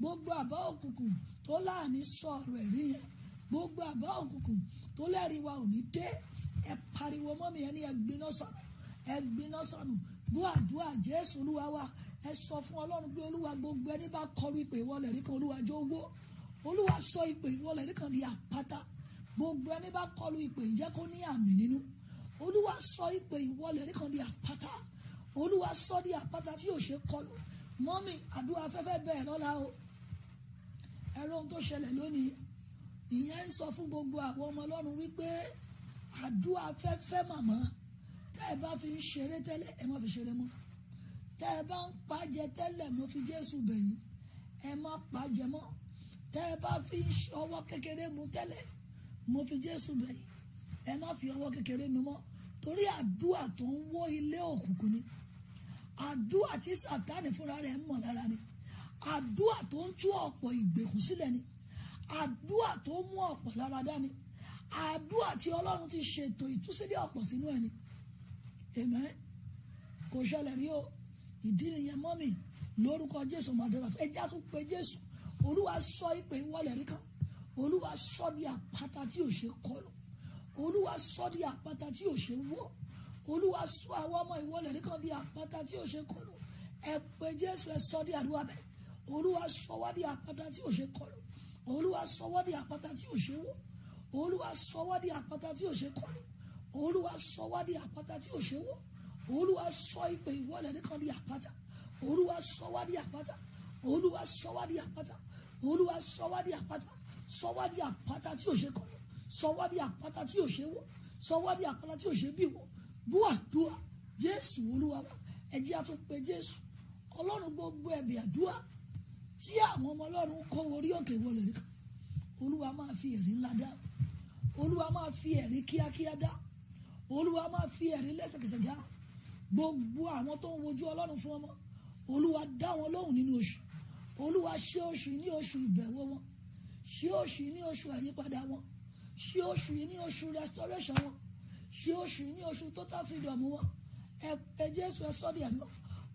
gbogbo àbá òkùnkùn tó láàánú sọ̀rọ̀ ẹ̀rí yẹn gbogbo àbá òkùnkùn tó lẹ́rìí wa ò ní dé ẹ pariwo mọ́ mi yẹn ní ẹgbinná sọ̀nù ẹgbinná sọ̀nù gbọ́ àdúrà jésù olúwa wa ẹ sọ fún ọlọ́run pé olúwa gbogbo ẹni bá kọlu ìpè ìwọlẹ̀ rí kan olúwa jó wó olúwa sọ ìpè ìwọlẹ̀ rí kan di àpáta gbogbo ẹni bá kọlu ìpè ìjẹ́ kó ní àmì nínú olúwa sọ ìpè ìwọlẹ̀ rí kan di àpáta olúwa sọ di àpáta tí yóò ṣe kọlu mọ́mì àdúrà afẹ́fẹ́ bẹ́ẹ̀ lọ́la o ẹ̀rọ ohun tó ṣẹlẹ̀ lónìí ìyẹn ń sọ fún gbogbo àwọn ọmọ ọlọ́run wípé àdúrà fẹ́fẹ́ màmá tẹ́ ẹ bá fi ń ṣeré tẹ́lẹ̀ ẹ má fi ṣeré mọ́ tẹ́ ẹ bá ń pàjẹ tẹ́lẹ̀ mo fi Jésù bẹ̀yìn ẹ má pàjẹ mọ́ tẹ́ ẹ bá fi ọwọ́ kékeré mu tẹ́lẹ̀ mo fi Jésù bẹ̀yìn ẹ má fi ọwọ́ kékeré mu mọ́ torí àdúrà tó ń wó ilé òkùnkùn ni àdúrà tí Sàtánì fúnra rẹ̀ ń mọ̀ lára ni àdúà tó ń tú ọ̀pọ̀ ìgbèkùn sílẹ̀ ni àdúà tó mú ọ̀pọ̀ lára dání àdúà tí ọlọ́run ti ṣètò ìtúsílẹ̀ ọ̀pọ̀ sínú ẹ̀ ni amen kò ṣẹlẹ̀ rí o ìdí nìyẹn mọ́mì lórúkọ jésù màdàlá ẹ já tún pé jésù olúwa sọ ìpè ìwọlẹ̀ rí kan olúwa sọ di àpáta tí ò ṣe kọlù olúwa sọ di àpáta tí ò ṣe wó olúwa sọ àwọn ọmọ ìwọlẹ̀ rí kan di àpáta tí ò ṣe kọlù ẹ pé jésù ẹ sọ di àdúrà bẹ́ẹ̀ olúwa sọ wá di apata tí o ṣe kọlù olúwa sọ wá di apata tí o ṣe wó olúwa sọ wá di apata tí o ṣe kọlù olúwa sọ wá di àpáta tí ò ṣe wó olúwa sọ ìpè ìwọlẹ̀ nìkan di apata, olúwa sọ wá di apata, olúwa sọ wá di apata, olúwa sọ wá di apata, sọ wá di apata tí o ṣe kọlù sọ wá di apata tí o ṣe wó sọ wá di apata tí o ṣe bí wó dúà dua, jésù olúwa wa ẹ jẹ́ àtúnpè jésù ọlọ́run gbogbo ẹ̀bì àdúrà tí àwọn ọmọ ọlọ́run kọ́ orí òkè wọlé nìkan olúwa máa fi ẹ̀rí ńlá dá olúwa máa fi ẹ̀rí kíákíá dá olúwa máa fi ẹ̀rí lẹ́sẹ̀kẹsẹ̀ dá gbogbo àwọn tó ń wojú ọlọ́run fún ọmọ olúwa dá wọn lóhùn nínú oṣù olúwa ṣe oṣù ní oṣù ìbẹ̀wò wọn ṣe oṣù ní oṣù àyípadà wọn ṣe oṣù ní oṣù restoration wọn ṣe oṣù ní oṣù total freedom wọn ẹ jésù ẹ sọ́dí ẹ̀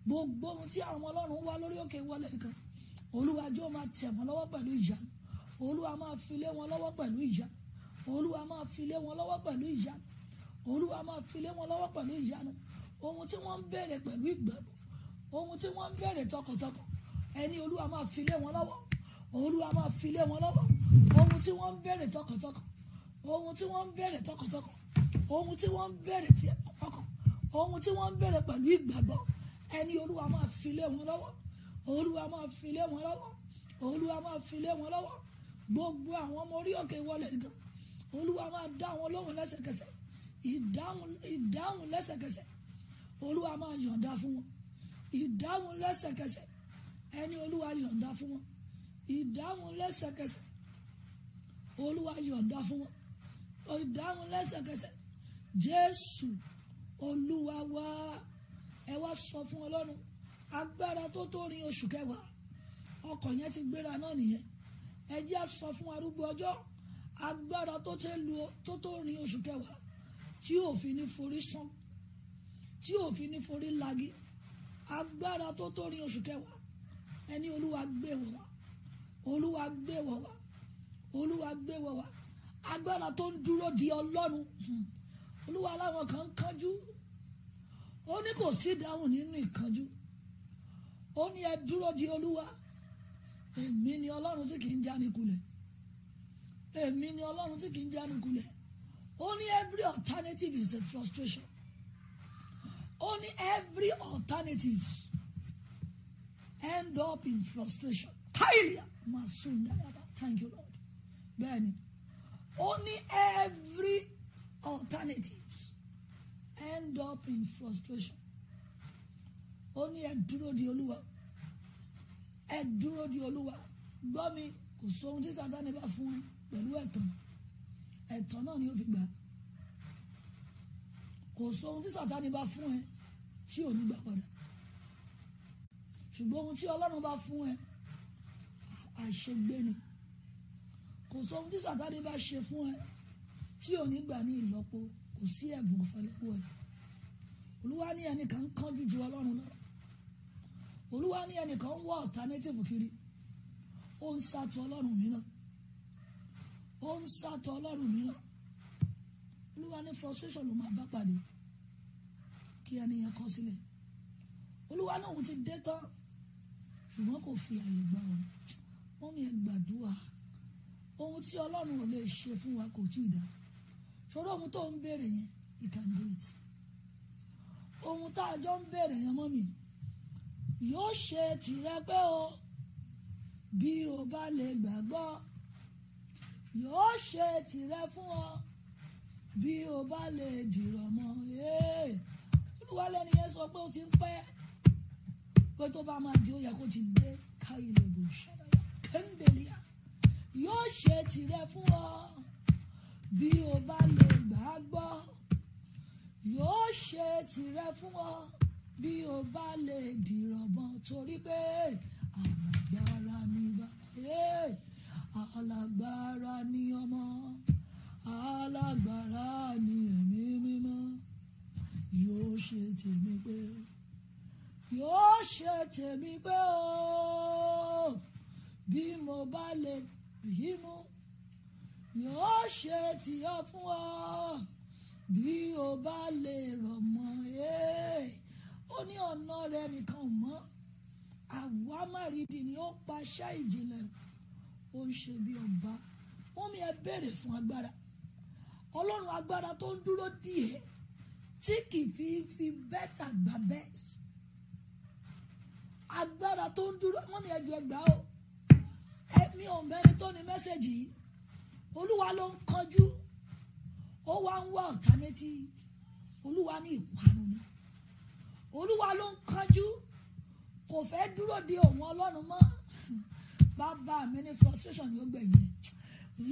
gbogbo ohun tí àwọn ọlọ́run wá lórí òkè wọlé nìkan olúwa jọ̀ọ́ máa tẹ̀ wọ́n lọ́wọ́ pẹ̀lú ìyá olúwa máa fi lé wọn lọ́wọ́ pẹ̀lú ìyá olúwa máa fi lé wọn lọ́wọ́ pẹ̀lú ìyá olúwa máa fi lé wọn lọ́wọ́ pẹ̀lú ìyanu ohun tí wọ́n ń bẹ̀rẹ̀ pẹ̀lú ìgbàgbọ́ ohun tí wọ́n ń bẹ̀rẹ̀ tọkàntọkàn ẹni olúwa máa fi lé wọn lọ́wọ́ olúwa máa fi lé wọn lọ́wọ́ ohun tí wọ́n ń bẹ̀rẹ̀ tọkàntọkàn ohun tí wọ́n ń bẹ̀rẹ̀ tọkàntọkàn ohun tí wọ́n ń bẹ̀rẹ̀ tí ọkàn ohun tí wọ́n ń bẹ̀rẹ̀ pẹ̀lú ìgbàgbọ́ ẹni olúwa máa fi lé wọn lọ́wọ́ olúwa máa fi lé wọn lọ́wọ́ olúwa máa fi lé wọn lọ́wọ́ gbogbo àwọn ọmọ orí òkè wọlé gan olúwa máa dá wọn lóhùn lẹ́sẹ̀kẹsẹ̀ ìdáhùn lẹ́sẹ̀kẹsẹ̀ olúwa máa yọ̀ǹda fún wọn ìdáhùn lẹ́sẹ̀kẹsẹ̀ ẹni olúwa yọ̀ǹda fún wọn ìdáhùn lẹ́sẹ̀kẹsẹ̀ olúwa yọ̀ǹda fún wọn ìdáhùn lẹ́sẹ̀kẹsẹ̀ jésù olúwa wá ẹ wá sọ fún ọlọ́run agbára tó tó rin oṣù kẹwàá ọkọ̀ yẹn ti gbéra náà nìyẹn ẹ jẹ́ á sọ fún arúgbó ọjọ́ agbára tó tó rin oṣù kẹwàá tí òfin ní forí sán tí òfin ní forí lagi agbára tó tó rin oṣù kẹwàá ẹni olúwa gbé wọ̀ wá olúwa gbé wọ̀ wá olúwa gbé wọ̀ wá agbára tó ń dúró di ọlọ́run hmm, olúwa láwọn kan ń kánjú ó ní kò sí ìdáhùn nínú ìkánjú ó ní ẹ dúró di olúwa èmi ni ọlọ́run tí kì í jáni kulẹ̀ èmi ni ọlọ́run tí kì í jáni kulẹ̀ ó ní every alternative is a frustration ó ní every alternative end up in frustration káyìlíà máa sùn dáadáa thank you lord bẹ́ẹ̀ ni ó ní every alternative end up in frustration ó ní ẹ dúró di olúwa ẹ dúró di olúwa gbọ́ mi kò sóhun tí sátani bá fún ẹ pẹ̀lú ẹ̀tàn ẹ̀tàn náà ni ó fi gbà kò sóhun tí sátani bá fún ẹ tí ò ní gbà padà ṣùgbọ́n ohun tí ọlọ́run bá fún ẹ àṣegbé ni kò sóhun tí sátani bá ṣe fún ẹ tí ò ní gbà ní ìlọ́po kò sí ẹ̀bùn ọ̀fẹ́ lọ́wọ́ ẹ olúwa ní ẹnìkan ń kánjú ju ọlọ́run lọ olúwa ní ẹnìkan ń wá alternative kiri ó ń sàtọ ọlọ́run mìíràn ó ń sàtọ ọlọ́run mìíràn olúwa ní frustration ló máa bá pàdé kí ẹni yẹn kọ sílẹ̀ olúwa náà òun ti dé tán ṣùgbọ́n kò fi àyè gbà ọ́ wọ́n mi gbàdúrà ohun tí ọlọ́run ò lè ṣe fún wa kò tí ì dá ṣòro ohun tó ń béèrè yẹn you can do it ohun tá a jọ ń béèrè yẹn mọ́ mi yóò ṣe tìrẹ pé o bí o bá lè gbàgbọ́ yóò ṣe tìrẹ fún ọ bí o bá lè dìrọ̀ mọ́ olúwa lẹ́ni yẹn sọ pé o ti ń pẹ́ pé tó bá máa di ó yẹ kó ti dé káyé lè bò ṣàdàlà kẹ́ńdẹ̀lìyà yóò ṣe tìrẹ fún ọ bí o bá lè gbàgbọ́ yóò ṣe tìrẹ fún ọ bí o bá lè dìrọ̀mọ́ torí pé alágbára ni bàbá alágbára ni ọmọ alágbára ni ẹ̀mí mímọ́ yóò ṣe tèmi pé yóò ṣe tèmi pé o bí mo bá lè bí mú yóò ṣe tìyọ fún ọ bí o bá lè rọ̀ mọ́ ó ní ọ̀nà rẹ̀ nìkan mọ́ àwa márìdì ni ó paṣẹ ìjìnlẹ̀ ó ń ṣe bí ọba wọ́n mi ẹ béèrè fún agbára ọlọ́run agbára tó ń dúró díẹ̀ tí kì í fi fi bẹ́tà gbà bẹ́ẹ̀ agbára tó ń dúró wọ́n mi ẹ jọ gbà ó ẹ̀mí òǹbẹ́ni tó ní mẹ́sẹ̀gì yìí olúwa ló ń kánjú ó wá ń wá ọ̀tá létí olúwa ní ìparun ni olúwa ló ń kanjú kò fẹ́ dúró de òun ọlọ́run mọ́ bàbá mi ní frustration ni ó gbẹ̀yìn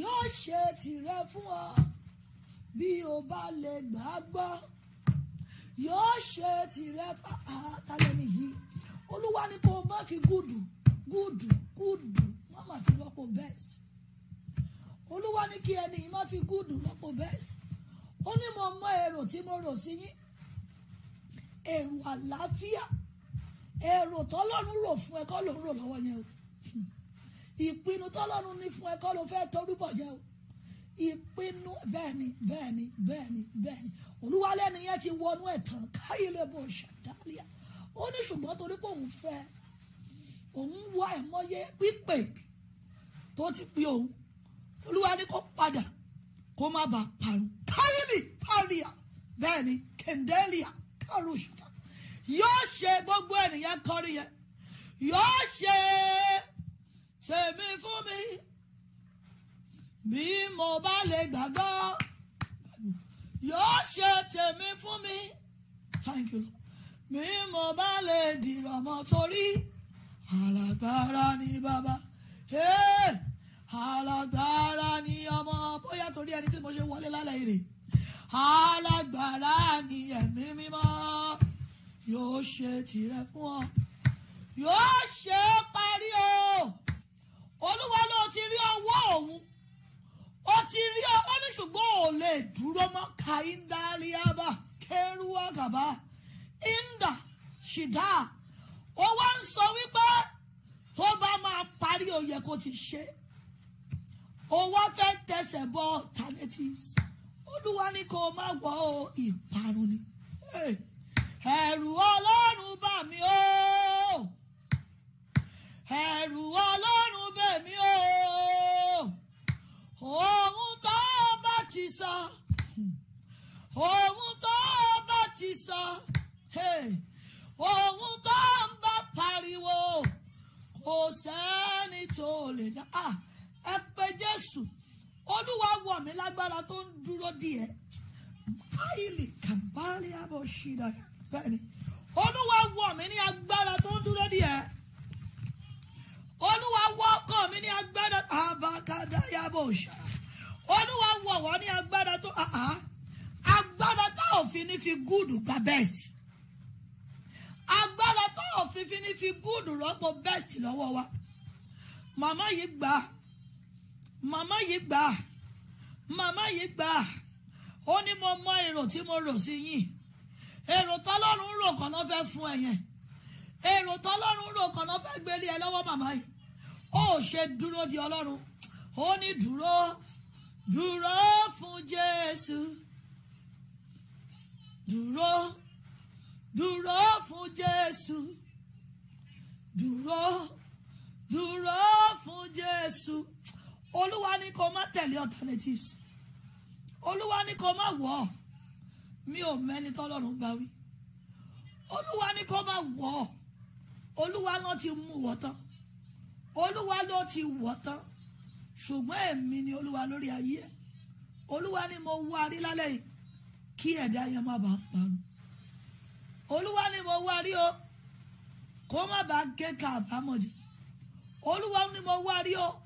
yóò ṣe tìrẹ fún ọ bí o bá lè gbàgbọ́ yóò ṣe tìrẹ àtàlẹ́ ah, nìyí olúwa ni kò má fi gúdù gúdù gúdù má má fi rọ́pò best olúwa ni kí ẹni má fi gúdù rọ́pò best ó ní mo mọ èrò tí mo rò sí yín èrò àlàáfíà èrò tọ́lọ́run rò fún ẹ kọ́ ló ń rò lọ́wọ́ yẹn o ìpinnu tọ́lọ́run ní fún ẹ kọ́ ló fẹ́ torúbọ̀ yẹn o ìpinnu bẹ́ẹ̀ ni bẹ́ẹ̀ ni bẹ́ẹ̀ ni bẹ́ẹ̀ ni olúwalẹ́ni yẹn ti wọnú ẹ̀ tán káyé lè bọ̀ ṣàdáríà ó ní ṣùgbọ́n torí pé òun fẹ́ òun wá ẹ̀mọ́yé pípé tó ti pé òun olúwa ní kó padà kó má bàa parun káyé lè paria bẹ́ẹ̀ ni kẹndẹ́líà kárùsùtà yóò ṣe gbogbo ènìyàn kọrin yẹn yóò ṣe ṣèmi fún mi bí mo bá lè gbàgbọ́ yóò ṣe tèmi fún mi thank you Lord bí mo bá lè dìrọ̀ mọ́ torí alágbára ni bàbá alágbára ni ọmọ bóyá torí ẹni tí mo ṣe wọlé lálẹ́ yìí alágbára ni ẹ̀mí mímọ́ yóò ṣe tirẹ̀ fún ọ yóò ṣe é parí o olúwa ló ti rí ọwọ́ òun ó ti rí ọwọ́ ní ṣùgbọ́n ò lè dúró mọ́ kaindaliaba kẹrùwàgàbà inda ṣìdá ó wá ń sọ wípé tó bá máa parí ó kó ti ṣe ó wá fẹ́ tẹsẹ̀ bọ́ alternatives olúwa ni kò má wọ̀ ọ́ ìparun ni ẹ̀rù ọlọ́run bà mí o ẹ̀rù ọlọ́run bẹ̀ mí o ohun tó bá ti sọ ohun tó bá ti sọ ohun tó ń bá pariwo kò sẹ́ni tó lè dá ah, ẹ pé Jésù olúwa wọ̀ mí lágbára tó ń dúró díẹ̀ báyìí kàmbárí àbọ̀ ṣìdá bẹ́ẹ̀ ni olúwa wọ̀ mí ní agbára tó ń dúró díẹ̀ olúwa wọ̀ ọkọ mi ní agbára àbàkàdá yàbọ̀ ṣá olúwa wọ̀ wọ́n ní agbára tó agbára tá òfin ní fi gúdù gba best agbára tá òfin ní fi gúdù rọ́pò best lọ́wọ́ wa màmá yìí gbà màmá yìí gbà màmá yìí gbà ó ní mo mọ èrò tí mo rò sí yín èrò tọ́lọ́run rò kàn ló fẹ́ fún ẹ yẹn èrò tọ́lọ́run rò kàn ló fẹ́ gbélé ẹ lọ́wọ́ màmá yìí ó ṣe dúró di ọlọ́run ó ní dúró dúró fún Jésù dúró dúró fún Jésù dúró dúró fún Jésù olúwa ni kó má tẹ̀lé alternatives olúwa ní kó má wọ̀ ọ́ mi ò mẹ́ni tọ́lọ́run bá wí olúwa ní kó má wọ̀ ọ́ olúwa ló ti mú wọ́ tán olúwa ló ti wọ̀ tán ṣùgbọ́n èmi ni olúwa lórí ayé ẹ̀ olúwa ni mo wá rí lálẹ́ yìí kí ẹ̀dá yẹn má bàa parun olúwa ni mo wá rí o kó má bàa gé ká àbámọ̀jẹ́ olúwa ni mo wá rí o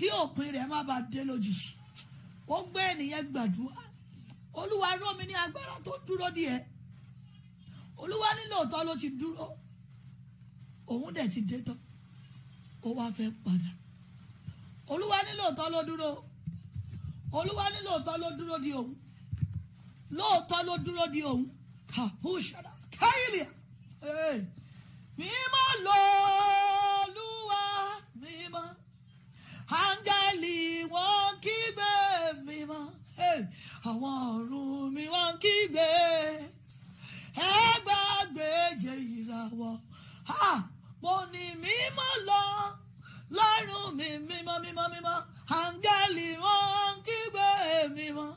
kí òpin rẹ̀ má bàa dé lójijì ó gbé ènìyàn gbàdúrà olúwa rán mi ní agbára tó dúró díẹ̀ olúwa nílò òótọ́ ló ti dúró òun dẹ̀ ti dé tán ó wá fẹ́ padà olúwa nílò òótọ́ ló dúró olúwa nílò òótọ́ ló dúró di òun lóòótọ́ ló dúró di òun kàhùṣàdà káyìlì mímọ́ lòó. áńgẹ́lì wọ́n kígbe mímọ́ àwọn ọ̀run mi wọ́n kígbe ẹ gbàgbé jẹ ìràwọ̀ mo ní mímọ́ lọ lọ́rùn mi mímọ́ mímọ́ mímọ́ áńgẹ́lì wọ́n kígbe mímọ́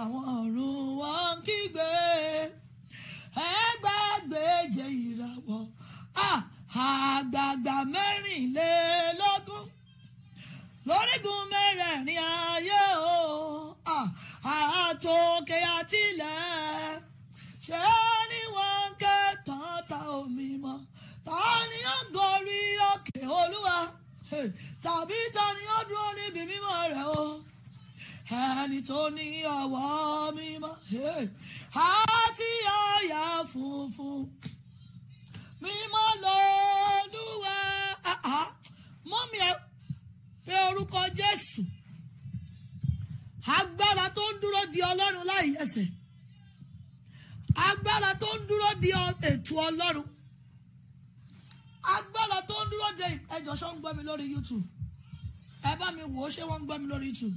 àwọn ọ̀run wọ́n kígbe ẹ gbàgbé jẹ ìràwọ̀ àgbàgbà mẹ́rìnlélógún lórígun mẹ́rẹ̀ẹ̀rin ayé o àtòkè àtìlẹ̀ ṣé ni wọ́n ń ké tán ta omi mọ́ ta ni ó gorí òkè olúwa tàbí ta ni ó dúró níbi mímọ́ rẹ̀ o ẹni tó ní ọwọ́ mímọ́ àti ọ̀yà funfun mímọ́ lọ́lúwa ah, ah, mọ́mí ẹ̀ pé orúkọ Jésù agbára tó ń dúró di Ọlọ́run láì yẹsẹ̀ agbára tó ń dúró di ètò Ọlọ́run agbára tó ń dúró de ẹjọ́ ṣó ń gbọ́ mi lórí YouTube ẹ bá mi wò ó ṣé wọ́n ń gbọ́ mi lórí YouTube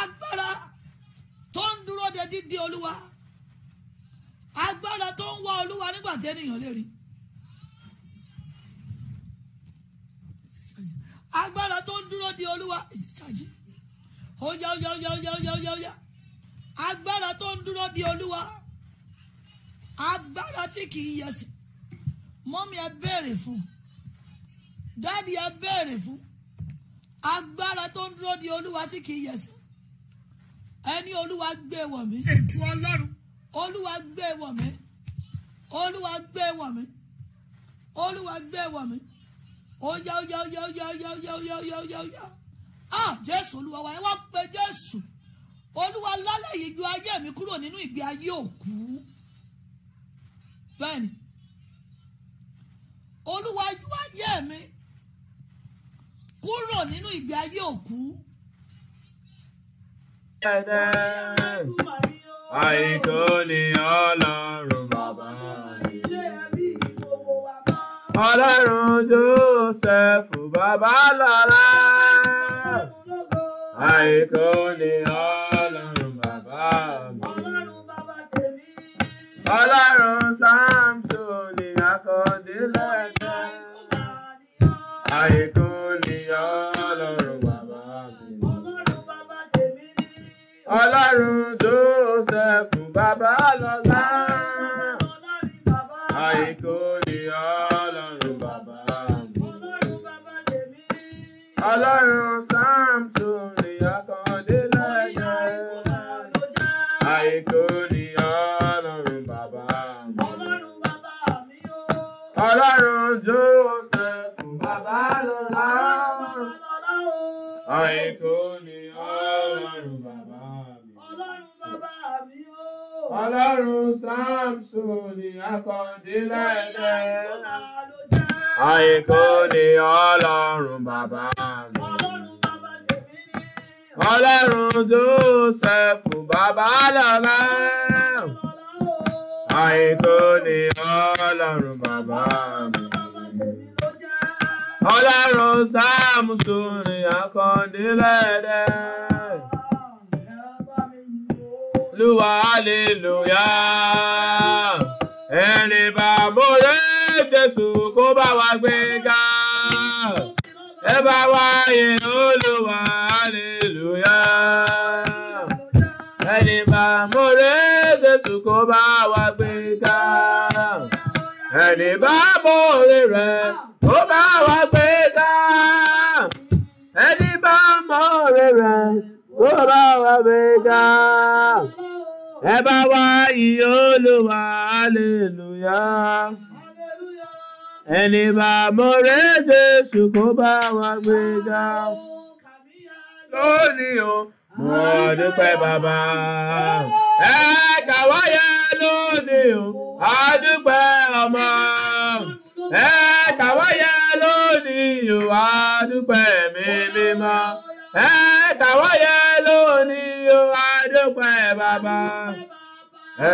agbára tó ń dúró di dídí Olúwa agbára tó ń wá Olúwa nígbà tí ènìyàn lè rí i. agbára tó ń dúró de olúwa ìsì chajì ó yá ó yá ó yá ó yá ó yá ó yá ó yá agbára tó ń dúró de olúwa agbára tí kì í yẹsẹ̀ mọ́mí ẹ béèrè fún dáàbì ẹ béèrè fún agbára tó ń dúró de olúwa tí kì í yẹsẹ̀ ẹni olúwa gbé wọ̀ mí. ètò ọlọ́run. olúwa gbé wọ̀ mí olúwa gbé wọ̀ mí olúwa gbé wọ̀ mí ó yá ó yá ó yá ó yá ó yá ó yá ó yá ó yá ó yá ó yá ah jésù olúwa wa ẹ wá pe jésù olúwa lálẹ́ yìí ju ayé mi kúrò nínú ìgbé ayé òkú bẹ́ẹ̀ni olúwa ju ayé mi kúrò nínú ìgbé ayé òkú. àìtó ni ọlọ́run bàbá ọlọ́run joseph babalọ́lá àìkú ni ọlọ́run bàbá mi ọlọ́run samson ni akọ́délẹ́gbẹ́ àìkú ni ọlọ́run bàbá mi ọlọ́run joseph babalọ́lá àìkú. ọlọ́run Samson lè akọ́lé lẹ́yìn àìkò ni ọlọ́run bàbá mi ọlọ́run Joseph bàbá lọ́lá àìkò ni ọlọ́run bàbá mi ọlọ́run Samson ni akọ́lé lẹ́yìn àìkú ni ọlọ́run bàbá mi. ọlọ́run Jósẹ́fù bàbá lọ́lá. àìkú ni ọlọ́run bàbá mi. ọlọ́run Sámúsù ni akọ́ndínlẹ́dẹ́. Olúwa hallelujah ẹni bá mo rẹ́. Jésù kó bá wa gbé ga. Ẹ bá wa yìn Olúwa hallelujah. Ẹni bá mórè Jésù kó bá wa gbé ga. Ẹni bá mórè rẹ̀ kó bá wa gbé ga. Ẹni bá mórè rẹ̀ kó bá wa gbé ga. Ẹ bá wa yìn Olúwa hallelujah ẹni bá mọ̀rẹ́ Jésù kó bá wa gbé ga lónìí o mo dúpẹ́ bàbá ẹ kà wáyé lónìí o a dúpẹ́ ọmọ ẹ kà wáyé lónìí o a dúpẹ́ mi mímọ́ ẹ kà wáyé lónìí o a dúpẹ́ bàbá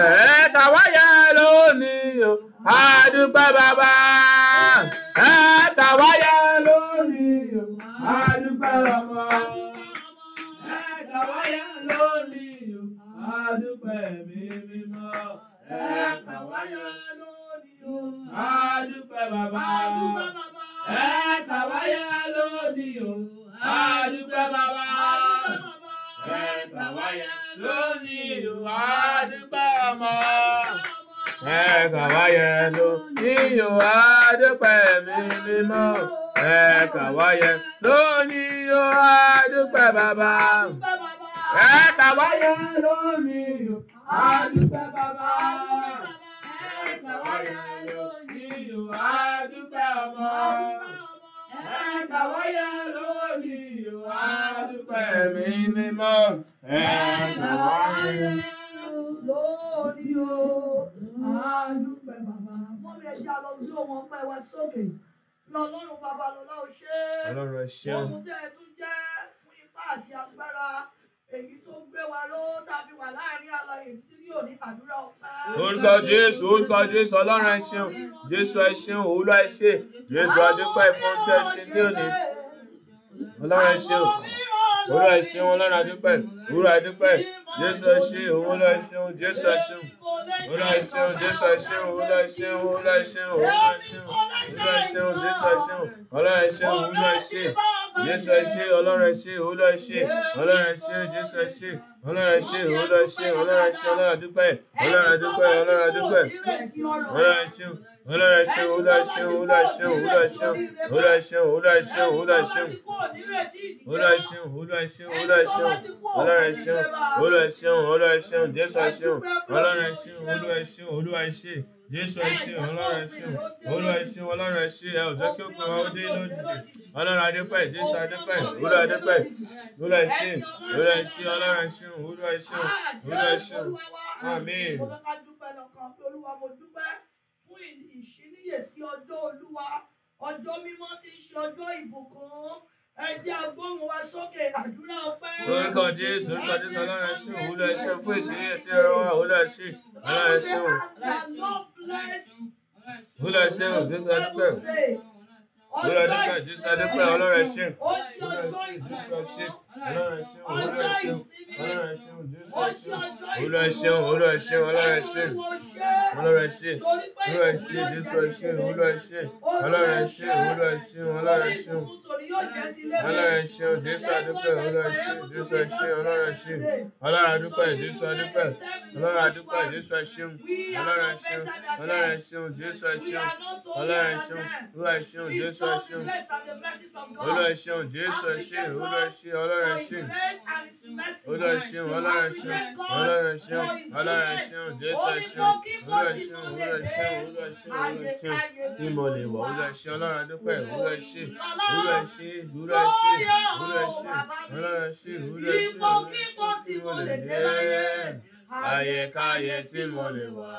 ẹ kà wáyé lónìí o a dúpẹ́ bàbá ẹ̀ẹ́dàwáyà lórí àdúpẹ́ ọmọ. ẹ̀ẹ́dàwáyà lórí àdúpẹ́ mi mímọ́. ẹ̀ẹ́dàwáyà lórí àdúpẹ́ bàbá. ẹ̀ẹ́dàwáyà lórí àdúpẹ́ bàbá. ẹ̀ẹ́dàwáyà lórí àdúpẹ́ ọmọ ẹ̀ka wáyé ló níyò àdúpẹ́ mi mímọ́ ẹ̀ka wáyé ló níyò àdúpẹ́ bàbá ẹ̀ka wáyé ló níyò àdúpẹ́ bàbá ẹ̀ka wáyé ló níyò àdúpẹ́ ọmọ ẹ̀ka wáyé ló níyò àdúpẹ́ mi mímọ́ ẹ̀ka wáyé ló níyò dúpẹ́ bàbá mọ́mí ẹja lọ bí òun ọpẹ́ sókè lọ́lọ́run bàbá lọ́lá ò ṣe é ohun tẹ́ ẹ tún jẹ́ fún ipá àti agbára èyí tó gbé wa ló tàbí wà láàrin àlàyé títí ní òní àdúrà ọpẹ́. orúkọ jésù orúkọ jésù ọlọ́run ẹ ṣeun jésù ẹ ṣeun òwúrọ̀ ẹ ṣe jésù adúpẹ́ fún tí ṣe ní òní ọlọ́run ẹ ṣeun òwúrọ̀ ẹ ṣeun ọlọ́run adúpẹ́ òwúrọ̀ adúpẹ́. Jésù ẹ ṣé òun la ṣeun Jésù ẹ ṣeun òun la ṣeun Jésù ẹ ṣeun òun la ṣeun òun la ṣeun òun la ṣeun òun la ṣeun Jésù ẹ ṣeun ọlá ẹ ṣeun òun la ṣe Jésù ẹ ṣé ọlọ́run ẹ ṣé òun la ṣe ọlọ́run ẹ ṣé Jésù ẹ ṣé ọlọ́run ẹ ṣé òun la ṣe ọlọ́run ẹ ṣé ọlọ́run adúpẹ́ ọlọ́run adúpẹ́ ọlọ́run adúpẹ́ ọlọ́run ẹ ṣeun. Ulaşın, ulaşın, ulaşın, ulaşın, ulaşın, ulaşın, ulaşın. Ulaşın, ulaşın, ulaşın, ulaşın, ulaşın, ulaşın, Jésù aṣeun, Ọlọ́run aṣeun, Olúwa aṣeun, Olúwa aṣeun, Jésù aṣeun, Ọlọ́run aṣeun, Olúwa aṣeun, Ọlọ́run aṣeun, ẹ ò jẹ́ kí ó kọ́ ọ dé lójijì. Ọlọ́run adépẹ́, Jésù adépẹ́, Olúwa adépẹ́, Olúwa aṣeun, Olúwa aṣeun, Ọlọ́run aṣeun, Olúwa aṣeun, Olúwa aṣeun. Àmín. Olúwa ká dúpẹ́ lọ́kàn, Olúwa mo dúpẹ́ kíyèsí ọjọ́ olúwa ọjọ́ mímọ́ tí ń ṣe ọjọ́ ìbùkún ẹ jẹ́ agbóhùn wa sókè àdúrà ọpẹ́. orúkọ jésù orúkọ jésù ọlọ́run ẹ ṣeun òwúlọ ẹ ṣeun fún ìṣeré ẹsẹ ọ̀rọ̀ wa òwúlọ ẹ ṣeun ọlọ́run ẹ ṣeun òwúlọ ẹ ṣeun jésù adúpẹ́ òwúlọ adúpẹ́ jésù adúpẹ́ ọlọ́run ẹ ṣeun òwúlọ jésù adúpẹ́ ọjọ́ ìsinmi ọjọ́ ọjọ́ ìsinmi olúwa ṣeun olúwa ṣeun olúwa ṣeun olúwa ṣeun olúwa ṣeun jésù ṣeun olúwa ṣeun olúwa ṣeun olúwa ṣeun olúwa ṣeun olúwa ṣeun jésù adúpẹ́ olúwa ṣeun jésù ṣeun olúwa ṣeun olúwa adúpẹ́ jésù adúpẹ́ olúwa adúpẹ́ jésù ṣeun olúwa ṣeun olúwa ṣeun jésù ṣeun olúwa ṣeun olúwa ṣeun jésù ṣeun olúwa ṣeun jésù ṣeun olúwa ṣeun olúwa ọlọ́run ṣeun ọlọ́run ṣeun ọlọ́run ṣeun ọlọ́run ṣeun ọlọ́run ṣeun jésù ṣeun ọlọ́run ṣeun ọlọ́run ṣeun ọlọ́run ṣeun ọlọ́run ṣeun ìmọ̀lẹ̀ wọ̀ ọlọ́run ṣe ọlọ́run dúpẹ́ ọlọ́run ṣe ọlọ́run ṣe ọlọ́run ṣe ọlọ́run ṣe ọlọ́run ṣe ọlọ́run ṣe ọlọ́run ayẹkáyẹ tí mo lè wà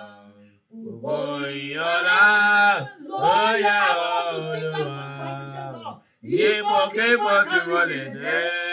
gbogbo ìyọlá ó yà ọ lọ wà yípo képo tí mo lè dé.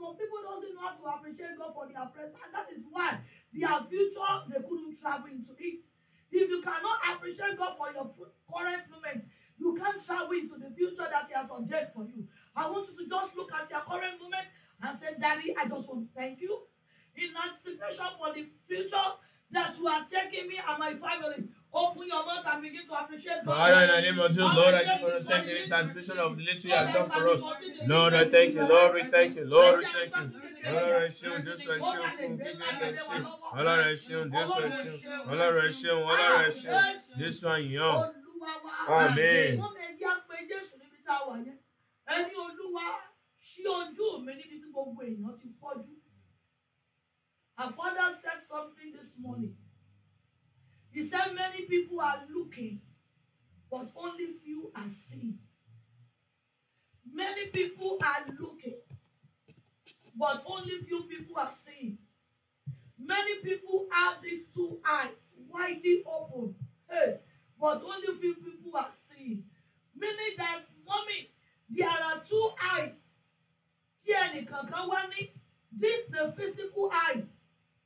Some people doesn't know how to appreciate God for their presence, and that is why their future they couldn't travel into it. If you cannot appreciate God for your current moment, you can't travel into the future that He has ordained for you. I want you to just look at your current moment and say, Daddy, I just want to thank you in anticipation for the future that you are taking me and my family. Open your mouth and begin to appreciate God. Father, in the name of Jesus, Lord, I just want to thank you for the transmission of the little you have done for us. Lord, I thank you, Lord, we thank you, Lord, we thank you. Ọlọ́run ẹ ṣeun Jésù ẹ ṣeun fún Bíbélì ẹ ṣeun. Ọlọ́run ẹ ṣeun Jésù Our father said something this morning. He said many people are looking, but only few are seeing. Many people are looking, but only few people are seeing. Many people have these two eyes widely open, hey, but only few people are seeing. Meaning that, mommy, there are two eyes. Tí ẹnìkan kan wá ní, the physical eyes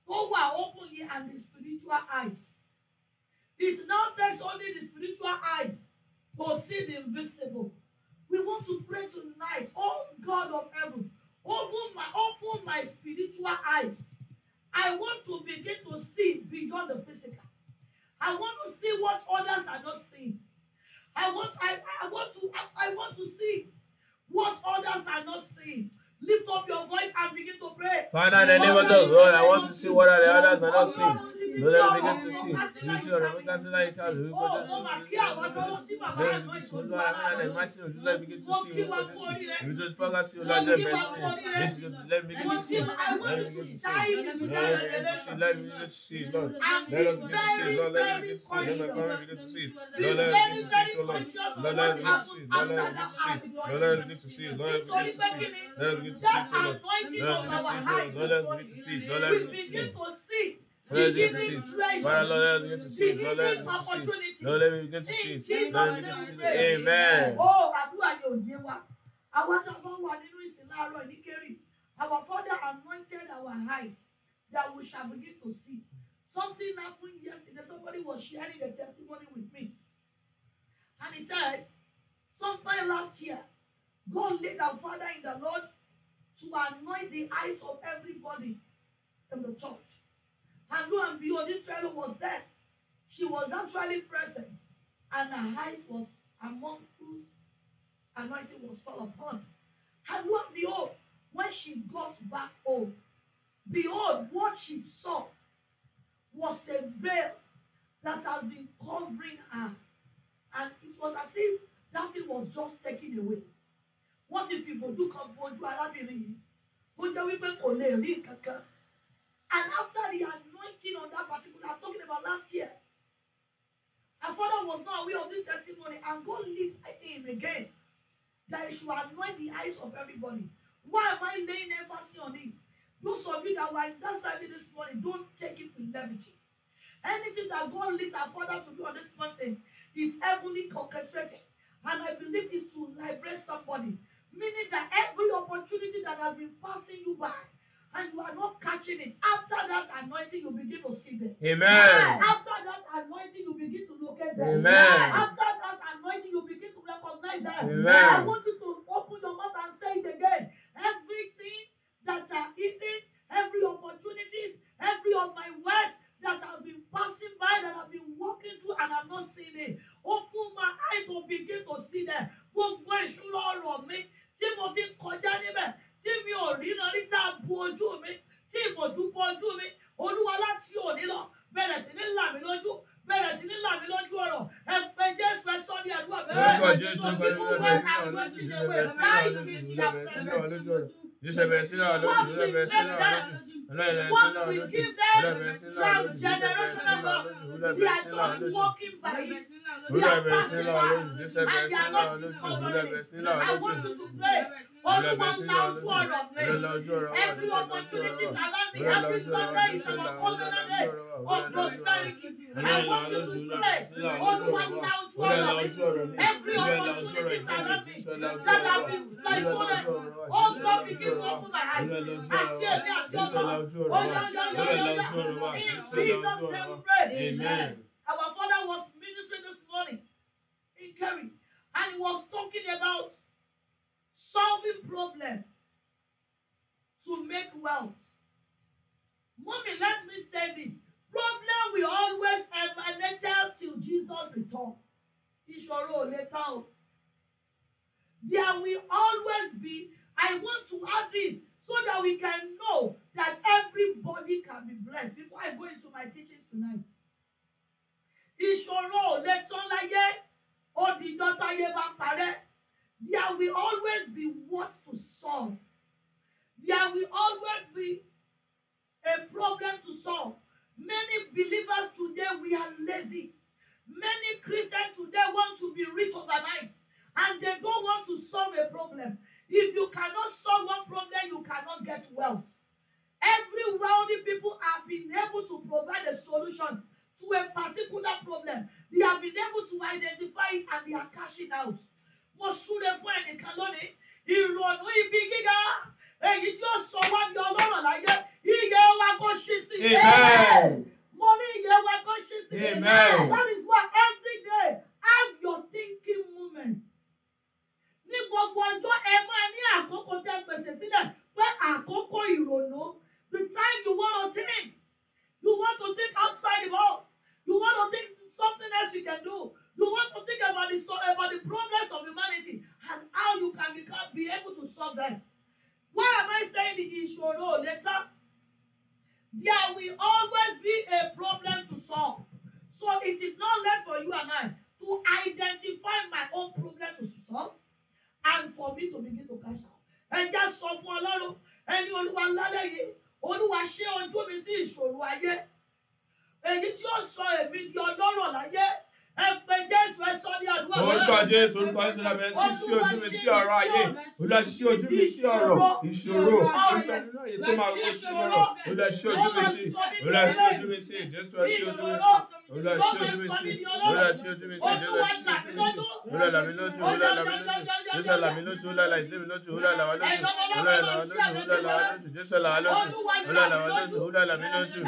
who are open here, and the spiritual eyes. It now takes only the spiritual eyes to see the invisible. We want to pray tonight, oh God of heaven, open my open my spiritual eyes. I want to begin to see beyond the physical. I want to see what others are not seeing. I want I, I want to I, I want to see what others are not seeing. Lift up your voice and begin to pray. Father, in the name of the Lord, I want to see what are the others are seeing. Lord, let begin to see. You Lord, I'm casting light out. Lord, let me begin to Lord, I'm not mighty. Lord, let me to see. You just focus on Lord, let me begin to let me begin to see. Let me begin to see. Let me begin to see. Lord, let us begin to see. Lord, let me to see. Let my family begin to see. Lord, let me to see. Lord, let me begin to see. Lord, let me to see. Lord, let me begin to see. Lord, let me to see. Lord, let me begin to see. Lord, let me to see. Lord, let me begin to see. Lord, let me to see. Lord, let me begin to see. Lord, let me to see. Lord, let me begin to see. Lord, let me to see. Lord, let me begin to see. Lord, let me to see. Lord, let me begin to see. Lord, let me to see. Lord, let me begin to see. Lord, let me to see. Lord, let me begin to see. Lord, let me to see. Lord, let me begin to see. Lord, let me to see. Lord, let me begin to see. Lord, let me to see. Lord, let me begin to see. Lord, let me to see. Lord, let me begin to see. Lord, let me to see. Lord, let me begin to see. Lord, let me to see. Lord, let me begin to see. Lord, let me to see. Lord, let me begin to see. Lord, let me to see. Lord, let me begin to see that anointing of our heart this We begin to see Lord, let me begin to see. Father, Amen. Oh, àdúrà yóò Our father anointed our eyes that we shall begin to see. Something happened yesterday. Somebody was sharing a testimony with me. And he said, sometime last year, God laid our father in the Lord to anoint the eyes of everybody in the church. And lo and behold, this fellow was there. She was actually present, and her eyes was among whose anointing was fall upon. And lo and behold, when she goes back home, behold, what she saw was a veil that has been covering her. And it was as if that thing was just taken away wọ́n ti fi ìbòjú kan bo ojú arábìnrin yìí tó jẹ́ wípé kò lè rí nǹkan kan and after the anointing on that particular I'm talking about last year her father was not aware of this testimony and God lead him again that he should anoint the eyes of everybody why am I laying emphasis on this those of you that were in that service this morning don't take it with levity anything that God leads our father to do on this morning is heavenly orchestrated and I believe is to liberate somebody Meaning that every opportunity that has been passing you by, and you are not catching it. After that anointing, you begin to see them. Amen. After that anointing, you begin to locate them. Amen. After that anointing, you begin to recognize them. Amen. I want you to open your mouth and say it again. What we give them, what we give them transgenerational they are just walking by it. They are passing by, and they are not discovering. I want you to pray. Olúwa gba ojú ọ̀rọ̀ me. Every opportunity around me, every Sunday is our covenant day of prosperity. I want you to pray. Olúwa gba ojú ọ̀rọ̀ mi. Every opportunity around me that have been like for me. Oh God, begin to open my eyes. Àti èmi àti ọmọ. Oyọyọyọyọ. In Jesus' name we pray. Amen. Our father was ministering this morning in Kerry and he was talking about solving problem to make wealth. Mommy, let me say this. Problem will always emanate till Jesus return. Ìṣòro ò lè o. There will always be. I want to add this so that we can know that everybody can be blessed before I go into my teachings tonight. Ìṣòro ò lè tán láyé. Ó dìjọ́ táyé bá parẹ́. There will always be what to solve. There will always be a problem to solve. Many believers today, we are lazy. Many Christians today want to be rich overnight and they don't want to solve a problem. If you cannot solve one problem, you cannot get wealth. Every wealthy people have been able to provide a solution to a particular problem. They have been able to identify it and they are cashing out mo súre fún ẹnìkan lónìí ìrònú ibi gíga èyí tí ó sọ wá di ọlọ́rọ̀ láyé iye wa kó ṣí sí i. mo ní iye wa kó ṣí sí i. that is why every day have your thinking moment. ní gbogbo ọjọ́ ẹ máa ní àkókò tẹ pèsè sílẹ̀ pé àkókò ìrònú the time you wanna think you want to think outside the box you want to think something else you can do. You want to think about the, about the problems of humanity and how you can become, be able to solve them. Why am I saying the issue? ìṣòro oh, later? There will always be a problem to solve. So it is not left for you and I to identify my own problem to solve and for me to begin to cash out. And just Ẹ jẹ́ sọ fún Ọlọ́run ẹni Olúwa lálẹ́ yìí, Olúwa ṣe ojú mi sí ìṣòro ayé. Èyí tí ó sọ èmi di ọlọ́rọ̀ láyé. Ẹ̀pẹ̀ Jésù ẹ sọ ní àdúrà náà. Orúkọ Jésù orúkọ Jésù náà bẹ̀rẹ̀ sí sí ojú mi sí ọ̀rọ̀ ayé. Olúwa sí ojú mi sí ọ̀rọ̀ ìṣòro. Olúwa tó máa kó sí ọ̀rọ̀. Olúwa sí ojú mi sí. Olúwa sí ojú mi sí. Jésù ẹ sí ojú mi sí. Olúwa sí ojú mi sí. Olúwa sí ojú mi sí. Jésù ẹ sí ojú mi sí. Olúwa làmí lójú. Olúwa làmí lójú. Jésù làmí lójú. Olúwa là ìdílé mi lójú. Olúwa làwa lójú. Olúwa làwa lójú. Olúwa làwa lójú. Jésù làwa lójú. Olúwa làwa lójú. Olúwa làmí lójú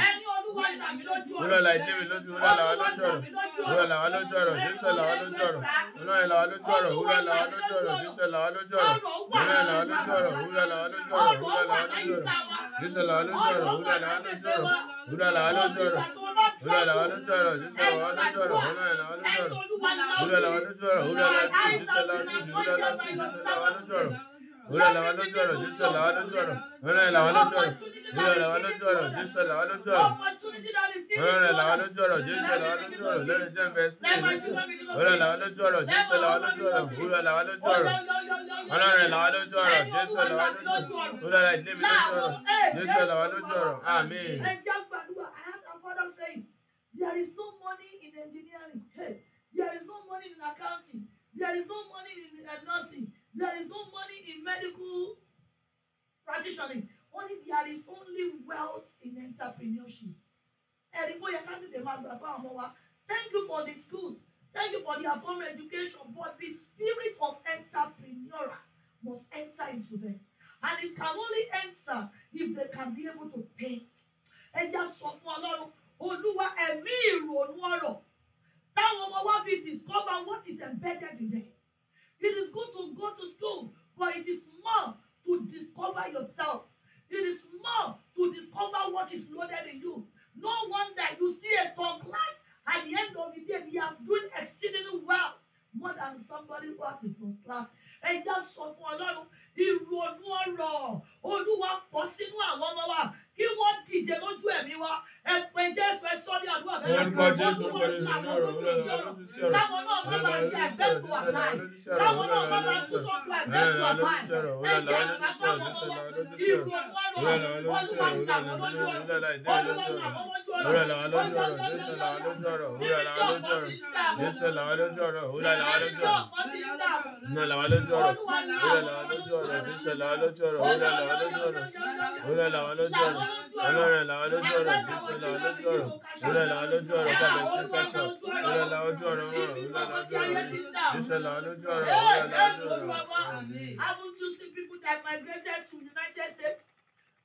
olúwa là ilé mi lójú olúwa là wá lójú ọ̀rọ̀ olúwa là wá lójú ọ̀rọ̀ jésù là wá lójú ọ̀rọ̀ olúwa là wá lójú ọ̀rọ̀ olúwa là wá lójú ọ̀rọ̀ jésù là wá lójú ọ̀rọ̀ olúwa là wá lójú ọ̀rọ̀ olúwa là wá lójú ọ̀rọ̀ olúwa là wá lójú ọ̀rọ̀ jésù là wá lójú ọ̀rọ̀ olúwa là wá lójú ọ̀rọ̀ olúwa là wá lójú ọ̀rọ̀ olúwa là wá lójú ọ̀rọ̀ jésù là wá lójú ọ̀rọ̀ olúwa là wá lójú ọ̀rọ̀ olúwa là wá lójú ọ̀rọ̀ olúwa là wá lójú ọ̀rọ̀ jésù là wá lójú ọ̀rọ̀ olúwa là wá lójú ọ̀rọ̀ Ora lava los lloros, Dios alaba los lloros. Ora lava los lloros. Ora lava los lloros, Dios alaba los lloros. Ora lava los lloros, Dios alaba los lloros. Let us then verse 3. Ora lava los lloros, Dios alaba los lloros. Ora lava los lloros. Ora lava los lloros, Dios alaba los lloros. Ora la ilé mi los lloros. Dios alaba los lloros. Amen. I had a father saying, there is no money in engineering. Hey, there is no money in accounting. There is no money in nursing. There is no money in medical practitioning. Only there is only wealth in entrepreneurship. Ẹ̀rìnwó yẹ ká tètè máa gbà fún àwọn Thank you for the schools. Thank you for the affirm education. But the spirit of entrepreneur must enter into them. And it can only enter if they can be able to pay. Ẹ jẹ́ sọ fún Ọlọ́run, Olúwa ẹ̀mí ìrònú ọ̀rọ̀. Táwọn ọmọ wa fi discover what is embedded in them. It is good to go to school, but it is more to discover yourself. It is more to discover what is loaded in you. No wonder you see a top class at the end of the day, he has doing exceedingly well more than somebody who has a first class. ẹ já sọ fún ọlọ́run ìrònú ọ̀rọ̀ olúwa pọ̀ sínú àwọn ọmọ wa kí wọ́n dìde lójú ẹ̀mí wa ẹ̀pẹ́ jésù ẹ sọ ní àdúrà bẹ́ẹ̀ kọ́ jésù wọ́n àwọn olójú sí ọ̀rọ̀ káwọn náà má máa ṣe àgbẹ̀tù àmà káwọn náà má máa tún sọ́kù àgbẹ̀tù àmà ẹ̀jẹ̀ àgbà fáwọn ọmọ ìrònú ọ̀rọ̀ olúwa ní àwọn olójú ọ̀rọ̀ olúwa ní àwọn olójú ọ̀rọ̀ níbi tí ọ̀pọ̀ ti ń dààmú níbi tí ọ̀pọ̀ ti ń dààmú olúwa ní àwọn olójú ọ̀rọ̀ olúwa ní àwọn olójú ọ̀rọ̀ ìlà lójú ọ̀rọ̀ ìlà ìlà lójú ọ̀rọ̀ kàbẹ̀ sí pẹ̀sà ìlà ìlà ojú ọ̀rọ̀ wọn ìlà ìlà ojú ọ̀rọ̀ ìṣẹ̀ ìlà lójú ọ̀rọ̀ ìlà ìlà ojú ọ̀rọ̀. Haven't you seen people that migrated to United States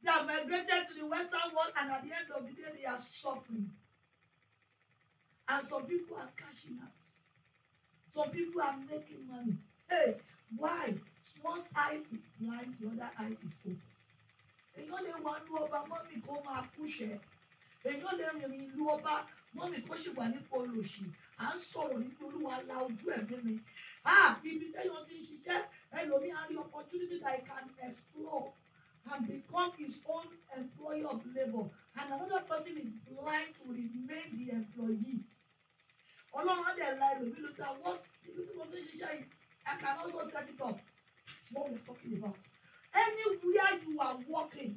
that migrated to the Western world and at the end of the day they are suffering and some people are cashing out some people are making money hey why one eyes is blind the other eyes is open èèyàn lè wà ní ọba mọ́mì kó máa kú ṣẹ́ èèyàn lè rìnrìn ìlú ọba mọ́mì kó sì wà nípò olòṣì à ń sọ̀rọ̀ nípa olúwa la ojú ẹ̀mí mi ibi téèyàn ti ń ṣiṣẹ́ ẹlòmíì á rí opportunity that he can explore and become his own employer of labour and another person is blind to remain the employee ọlọ́run á dẹ̀ la ẹlòmíì ló dá wọ́s ibi tí mo ti ń ṣiṣẹ́ yìí I can also set it up it's what we are talking about anywhere you are working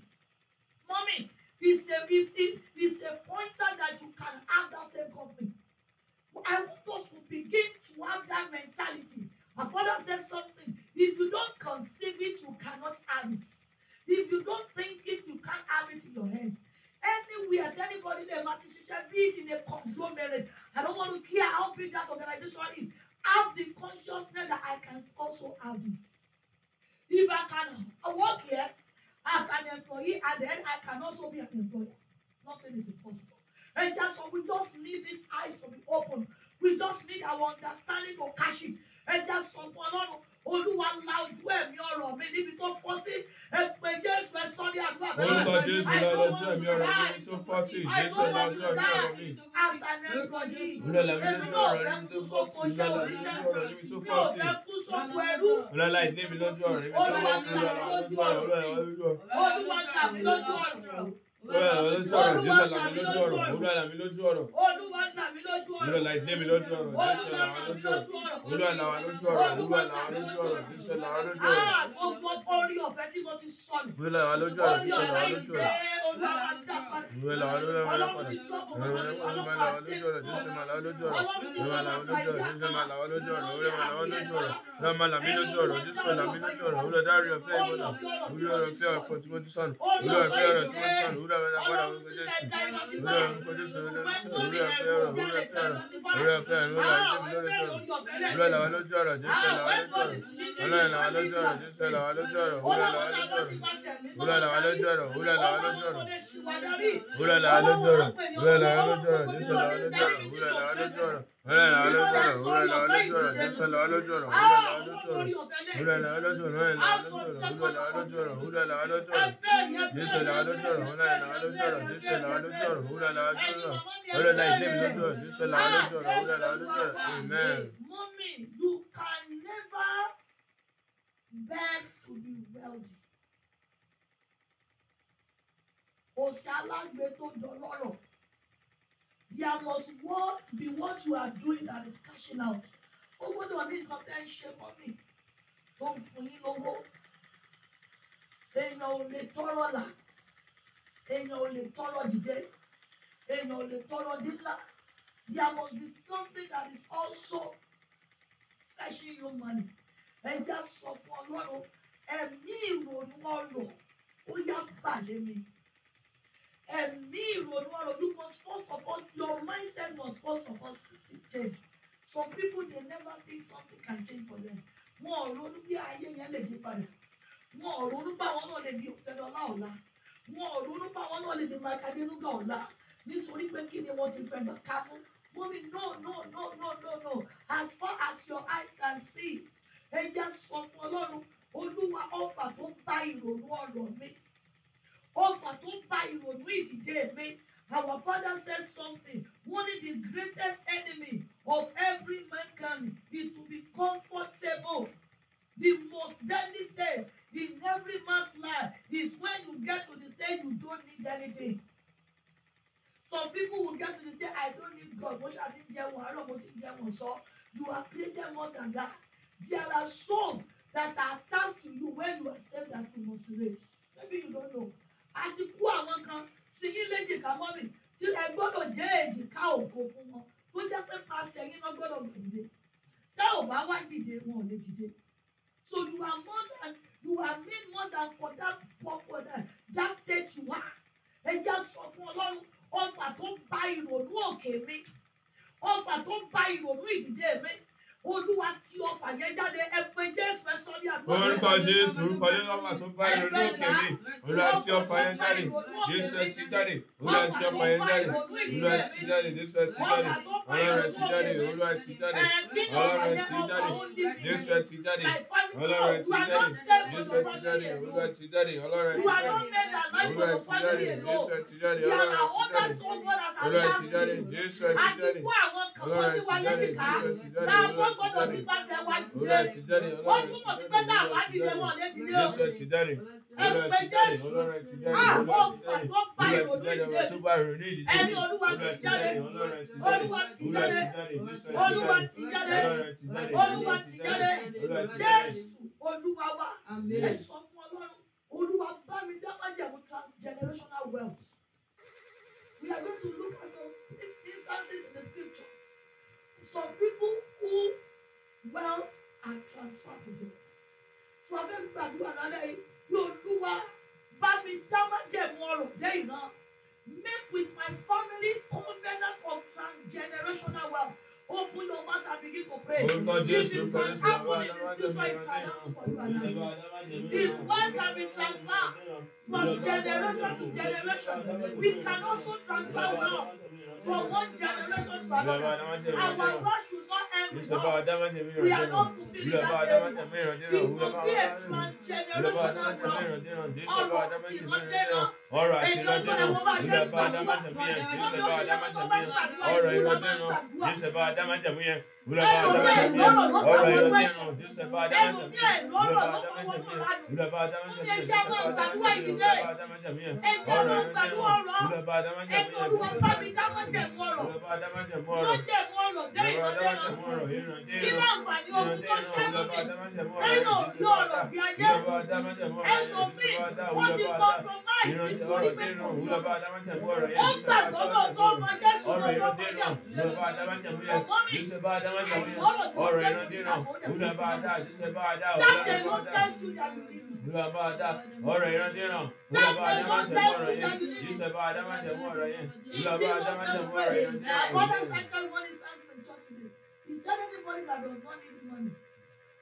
mọ́mì. It's a it's is, is a pointer that you can have that same company. I want us to begin to have that mentality. My father said something. If you don't conceive it, you cannot have it. If you don't think it, you can't have it in your hands. Anywhere, anybody there, Matishia, be it in a conglomerate. I don't want to care how big that organization is. Have the consciousness that I can also have this. If I can work here, As an employee, and then I can also be an employer. Nothing is impossible. And that's why we just need these eyes to be open. We just need our understanding to catch it. And that's why Olúwa la ojú ẹ̀mí ọ̀rọ̀ mi níbi Maybe fọ́ sí. Ẹ pé Jésù ẹ sọ orúkọ jésù lọ́lọ́ tí ẹ̀mí ọ̀rọ̀ mi tó fọ́ sí ìjésù lọ́lọ́ tí ẹ̀mí ọ̀rọ̀ mi. ìrọ̀lẹ́ mi lójú ọ̀rọ̀ mi tó fọ́ sí ìrọ̀lẹ́ mi lójú ọ̀rọ̀ mi tó fọ́ sí. ìrọ̀lẹ́ ìdílé mi lójú ọ̀rọ̀ mi tó fọ́ sí ìrọ̀lẹ́ mi lójú ọ̀rọ̀ mi olùwà là mí lójú ọ̀rọ̀ olùwà là mí lójú ọ̀rọ̀ olùwà là mí lójú ọ̀rọ̀ olùwà là mí lójú ọ̀rọ̀ olùwà là wà lójú ọ̀rọ̀ olùwà là wà lójú ọ̀rọ̀ olùwà là wà lójú ọ̀rọ̀. gbogbo orí ọ̀fẹ́ tí mo ti sọnù olùwà là wà lójú ọ̀rọ̀ olùwà là wà lójú ọ̀rọ̀ olùwà là wà lójú ọ̀rọ̀ olùwà là wà lójú ọ̀rọ̀ olùwà là wà lójú ọ̀rọ̀ olùwà là wà lójú ọ̀rọ̀ olùwà là wà lójú ọ̀rọ̀ olùwà là wà lójú ọ̀rọ̀ olùwà là mí lójú ọ̀rọ̀ olùwà là mí lójú ọ̀rọ̀ olùwà dárí ọ̀fẹ́ ìbọ̀dà olùwà ọ̀fẹ́ ọ̀pọ̀ tí mo ti sọnù olùwà ọ̀fẹ́ ọ̀rọ̀ tí mo ti sọnù olùwà Hula la lójú ọ̀rọ̀, hula la lójú ọ̀rọ̀, Jésù la lójú ọ̀rọ̀, hula la lójú ọ̀rọ̀. Amen. Mommy, you can never beg to be wealthy. Òṣàlágbé tó dọlọ́rọ̀ there must what be what you are doing that is cashing out ó gbọ́dọ̀ ní nǹkan tẹ́ ń ṣe mọ́mì tó ń fún yín lówó èèyàn ò lè tọrọ là èèyàn ò lè tọrọ dìde èèyàn ò lè tọrọ dínlá there must be something that is also fetching you money ẹja sọ fún Ọlọ́run ẹ̀mí ìrònú ọ̀rọ̀ ó yá bà lé mi ẹ̀mí me, ọ̀rọ̀ you must first of all your mindset must first of all change some people they never think something can change for them More ò ronú bí ayé yẹn lè yí padà wọn ò ronú báwọn náà lè di òtẹ́dọ́lá ọ̀la wọn ò ronú báwọn náà lè di makadenuga ọ̀la nítorí pé kí ni wọ́n no no no no no no as far as your eyes can see ẹ just sọ for ọlọ́run olúwa offer to buy ìrònú ọ̀rọ̀ ó fà tó ba ìrònú ìdìde mi our father said something One of the greatest enemy of every mankind is to be comfortable the most deadly state in every man's life is when you get to the state you don't need anything some people will get to the state I don't need God mo ṣáà ti ń jẹun àárọ̀ mo ti ń jẹun so you are created more than that there are souls that are attached to you when you accept that you must raise maybe you don't know a ti kó àwọn kan sí yín léjìká mọ́mì tí ẹ gbọ́dọ̀ jẹ́ èjìká ògo fún wọn tó jẹ́ pé pàṣẹ yín náà gbọ́dọ̀ gbọ̀ dìde tá ò bá wá dìde wọn ò lè dìde so you are more than you are made more than for that purpose eh, that, that state you are ẹ jẹ́ sọ fún ọlọ́run ọfà tó ń ba ìrònú òkè mi ọfà tó ń ba ìrònú ìdìde mi olúwa ti ọfà yẹn jáde ẹ̀pẹ̀ jésù ẹ sọ ní àgbọ̀n. orúkọ jésù orúkọ jésù ọfà tó bá yẹn lórí òkè mi olúwa ti ọfà yẹn jáde jésù ẹ ti jáde olúwa ti ọfà yẹn jáde olúwa ti jáde jésù ẹ ti jáde ọlọ́run ti jáde olúwa ti jáde ọlọ́run ti jáde jésù ẹ ti jáde ọlọ́run ti jáde jésù ẹ ti jáde olúwa ti jáde ọlọ́run ti jáde olúwa ti jáde jésù ti jáde olúwa ti jáde olúwa ti jáde jésù ti jáde olúwa ti jáde jésù ti jáde olúwa ti jáde olúwa ti jáde olúwa ti jáde jésù ti jáde olúwa ti jáde olúwa ti jáde olúwa ti jáde olúwa tó bá rò ní ìdílé ẹni olúwa ti jáde olúwa ti jáde olúwa ti jáde olúwa ti jáde jésù olúwa wa ẹ sọ fún. Olúwa bá mi dá májẹ̀mú transgenerational wealth. We are going to look at some instances in the scripture. Some people who wealth are transferred to them. Tí wọ́n fẹ́ gbàdúrà lálẹ́ yìí, yóò lúwa bá mi dá májẹ̀mú ọrọ̀ lẹ́yìn náà. Make with my family covenant of transgenerational wealth. Open your mouth and begin to pray. If it can happen in the future, it can happen for you and I. If wealth can be transferred from generation to generation, we can also transfer wealth from one generation to another. Our God should not end with us. We are not fulfilling that area. It must be a transgenerational wealth. Ọ̀rọ̀ tìrọ̀lẹ́rọ̀ ọ̀rọ̀ àti ìrọ̀dẹ́nu ìṣẹ̀bá adámájẹ̀mú yẹn ìṣẹ̀bá adámájẹ̀mú yẹn ọ̀rọ̀ ìrọ̀dẹ́nu ìṣẹ̀bá adámájẹ̀mú yẹn ìrọ̀bá adámájẹ̀mú yẹn ọ̀rọ̀ ìrọ̀dẹ́nu ìṣẹ̀bá adámájẹ̀mú yẹn ìrọ̀bá adámájẹ̀mú yẹn ìṣẹ̀bá adámájẹ̀mú yẹn ìrọ̀bá adámájẹ̀mú yẹn ọ̀rọ̀ ìrọ̀dẹ́nu ìrọ̀bá adámájẹ̀mú yẹn ìrọ̀bá adámájẹ̀mú yẹn ìrọ̀bá adámájẹ̀mú yẹn ìrọ̀bá adámájẹ̀mú yẹn ìrọ̀bá adámájẹ̀mú yẹn ìrọ̀bá adámájẹ̀mú yẹn torí pé kò ní ó gbàgbọ́ bọ̀ tó is there anybody that does not need money?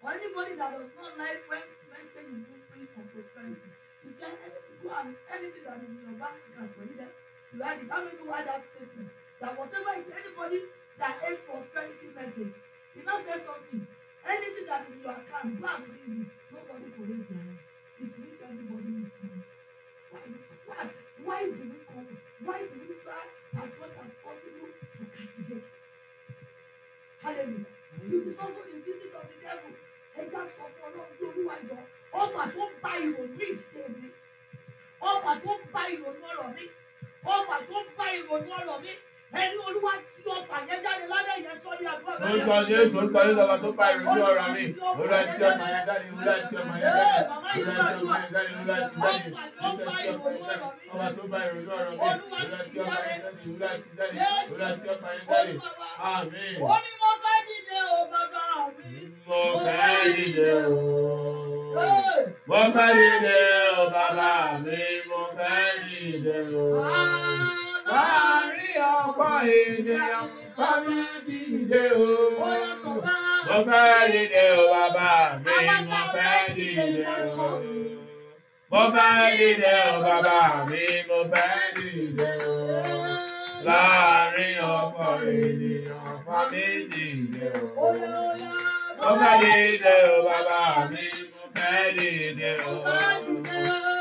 Or anybody that does not like when message is free from prosperity? Is there anybody? you have anything that is in your bank, you can spend it. You had it. How many had that statement? That whatever is anybody that hates prosperity message, he not say something. Anything that is in your account, go and bring it. Nobody could raise their hand. It means everybody is coming. Why, why, why do we come? Why do we try as much as possible to castigate it? Hallelujah. mm It is also the visit of the devil. Ẹ já sọ for ọlọ́run bí why. jọ. Ọgbà tó ń bá ìròyìn ìṣe mi ọkọ̀ tó ń pa ìrònú ọ̀rọ̀ mi ọkọ̀ tó ń pa ìrònú ọ̀rọ̀ mi ẹni olúwa tí ọkọ̀ yẹn jáde lálẹ́ yẹn sọ ní àbúrò bẹ́ẹ̀. orúkọ jésù orúkọ jésù ọba tó pa ìrònú ọ̀rọ̀ mi olúwa tí ọmọ yẹn jáde olúwa tí ọmọ yẹn jáde olúwa tí ọmọ yẹn jáde olúwa tí ọmọ yẹn jáde ọba tó pa ìrònú ọ̀rọ̀ mi olúwa tí ọmọ yẹn jáde olúwa tí jáde olúwa tí ọmọ yẹn jáde àmín. ó ní mo fẹ́ dìde o bàbá mi. mo fẹ́ dìde o mo fẹ́ dìde mi mo fẹ́ dìde o. láàárín ọ̀pọ̀ mi dìde o. mo fẹ́ mi mo fẹ́ dìde o. mo mi mo fẹ́ dìde o. láàárín ọ̀pọ̀ mi dìde o. mo fẹ́ mi fẹ́ dìde o.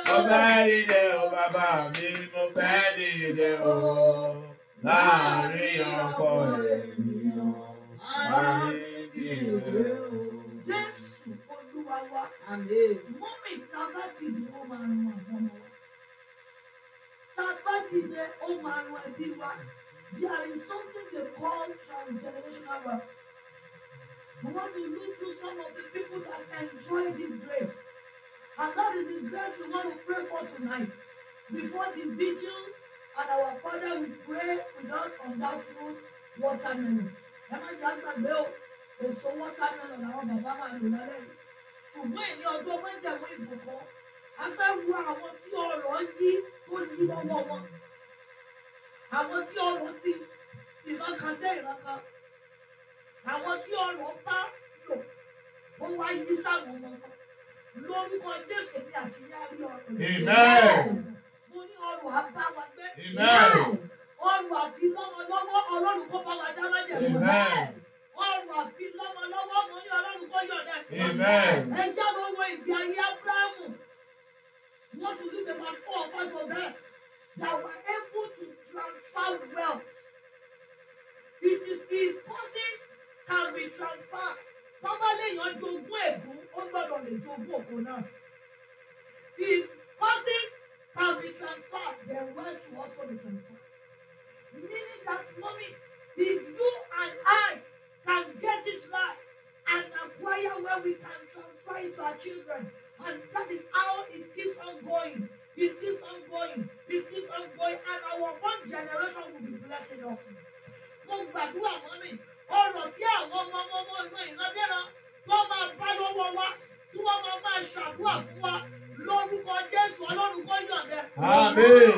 Mo fẹ́ dìde o bàbá mi, mo fẹ́ dìde o. Láàárín ọkọ ènìyàn, láàárín ìdílé o. Jésù Olúwa wa, mọ́mì tá bá dìde ó máa ran dìde ó máa There is something they call transgenerational wealth. We want to lead to some of the people that enjoy this grace. And that is the grace we want to pray for tonight. Before the vigil and our Father will pray with us on that fruit watermelon. Ẹ má jẹ́ àgbàgbé o, èso watermelon làwọn bàbá máa lò lálẹ́ yìí. Ṣùgbọ́n èyí ọjọ́ mẹ́jẹ̀mú ìbùkún. A fẹ́ wo àwọn tí ọ̀rọ̀ yí tó yí lọ́wọ́ wọn. Àwọn tí ọ̀rọ̀ ti ìrànkan dé ìrànkan àwọn tí ọrùn bá lò ó wá yí sáwọn ọmọ lórúkọ jésù èmi àti yá rí ọrùn. mo ní ọrùn àbá wa gbé. ọrùn àfi lọ́mọ lọ́wọ́ ọlọ́run kó bá wa dá májèlé. ọrùn àfi lọ́mọ lọ́wọ́ mo ní ọlọ́run kó yọ̀ọ̀dá sí wa. ẹ jẹ́ mo wo ìgbé ayé ábúráhàmù wọ́n tún lùdẹ̀ máa fọ́ ọ̀pá jọ bẹ́ẹ̀. That were able to transfer wealth. It is it can be transferred tọ́ba léèyàn jogún ègún ó gbọ́dọ̀ lè jogún òkú náà if person can be transferred then wealth should also be transferred meaning that mommy if you and I can get it right and acquire where we can transfer it to our children and that is how it keeps on going it keeps on going it keeps on going and our one generation will be blessing us. mo gbàdúrà mọ́mí ọ̀rọ̀ tí àwọn ọmọ ọmọ ọmọ ìran ìrandẹ́ran wọ́n máa bá lọ́wọ́ wa tí wọ́n máa máa ṣàdúrà fún wa lórúkọ Jésù Ọlọ́run kó yọ̀ǹda. Àmín.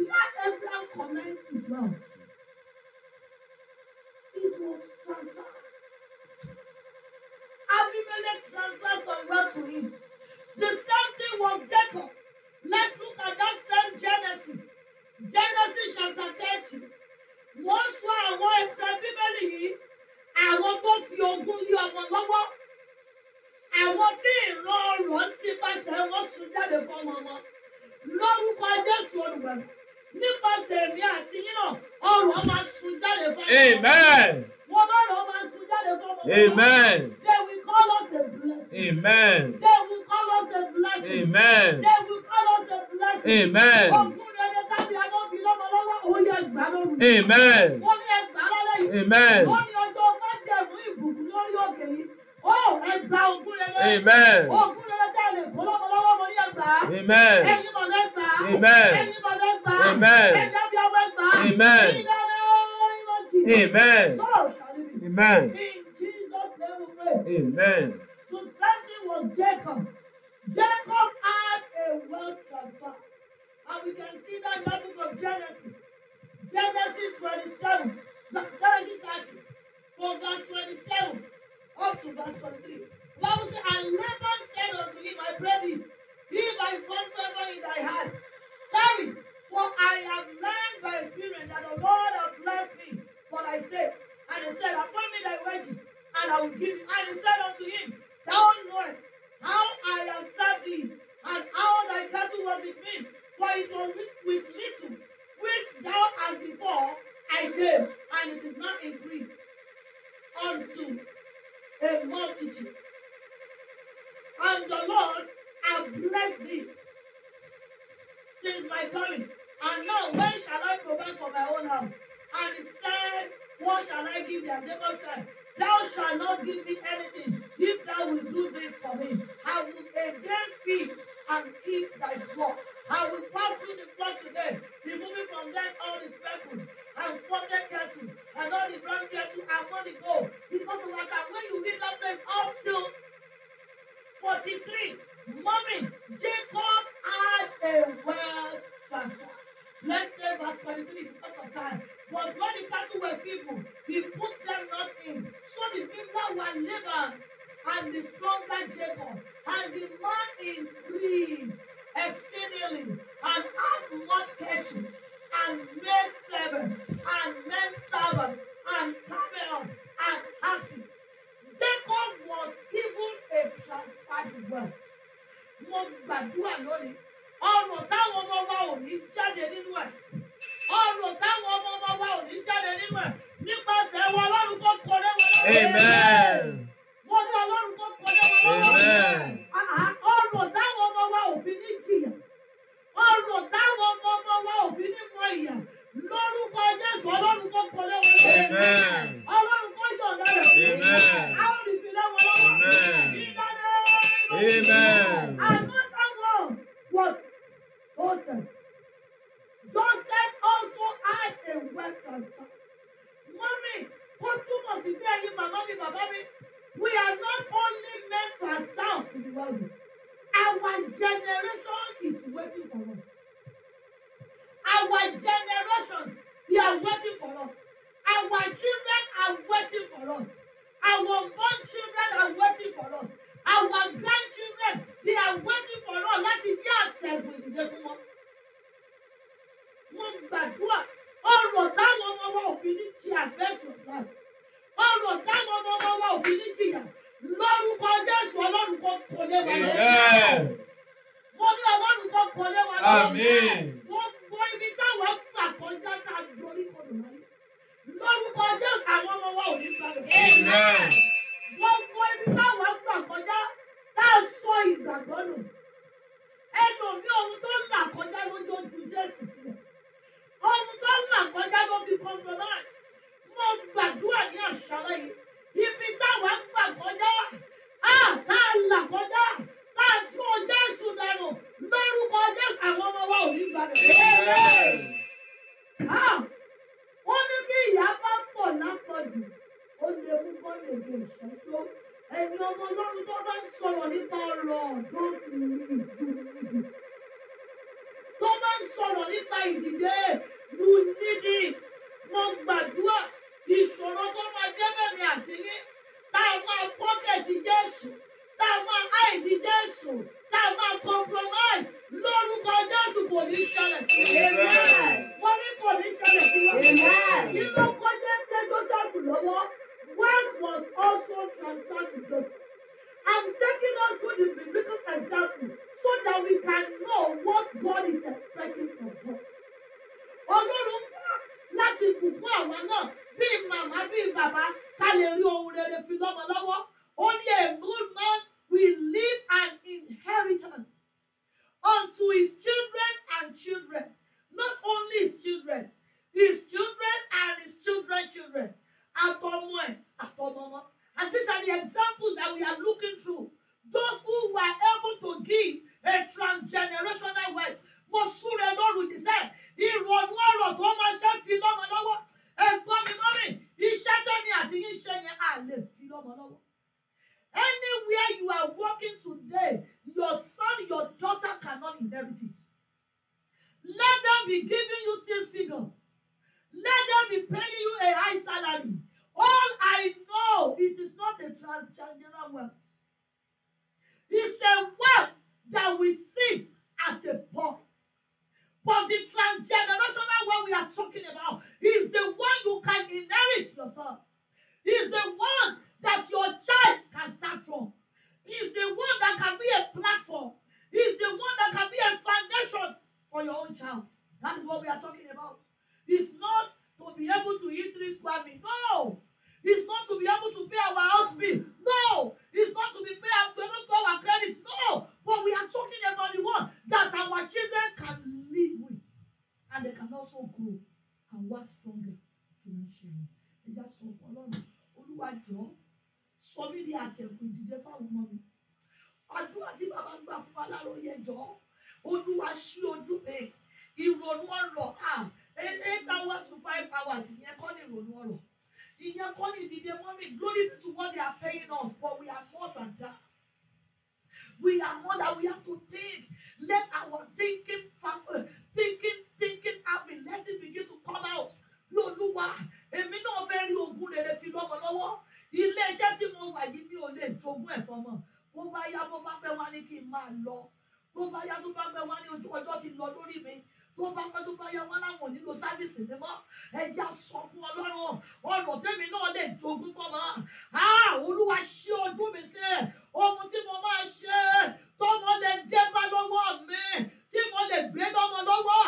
Aleluia. É kí ló ń ṣẹlẹ̀ ẹ já sọ fún ọlọ́run olúwa jọ̀ọ́ sọ mí di àtẹ̀kù ìdílé fáwọn ọmọ mi àdúrà tí bàbá gbà fún wa láròyé jọ̀ọ́ olúwa ṣí ojú mi ìrònú ọ̀rọ̀ à eight hours to five hours ìyẹn kọ́ ni ìrònú ọ̀rọ̀ ìyẹn kọ́ ni ìdílé mọ́mí glory be to what they are paying us but we are more than that. We are more that we have to think. Let our thinking, uh, thinking, thinking happy. let it begin to come out lọ́lúwa èmi náà fẹ́ rí ogun rere fi lọ́mọ lọ́wọ́ iléeṣẹ́ tí mo wà yìí mi ò lè jogún ẹ̀fọn mọ̀ bó bá yá bó bá pẹ́ wá ní kí n máa lọ tó bá yá tó bá pẹ́ wá ní ojú ọjọ́ ti lọ lórí mi tó bá pẹ́ tó bá yá wá láwọn nílò sáfíìsì mi mọ́ ẹja sọ fún ọlọ́run ọ̀nà tèmi náà lè jogún fọmọ a olúwa ṣí ojú mi sí ohun tí mo máa ṣe tọmọ lè dé bá lọ́wọ́ mi tí mo lè gbé lọ́mọ lọ́wọ́.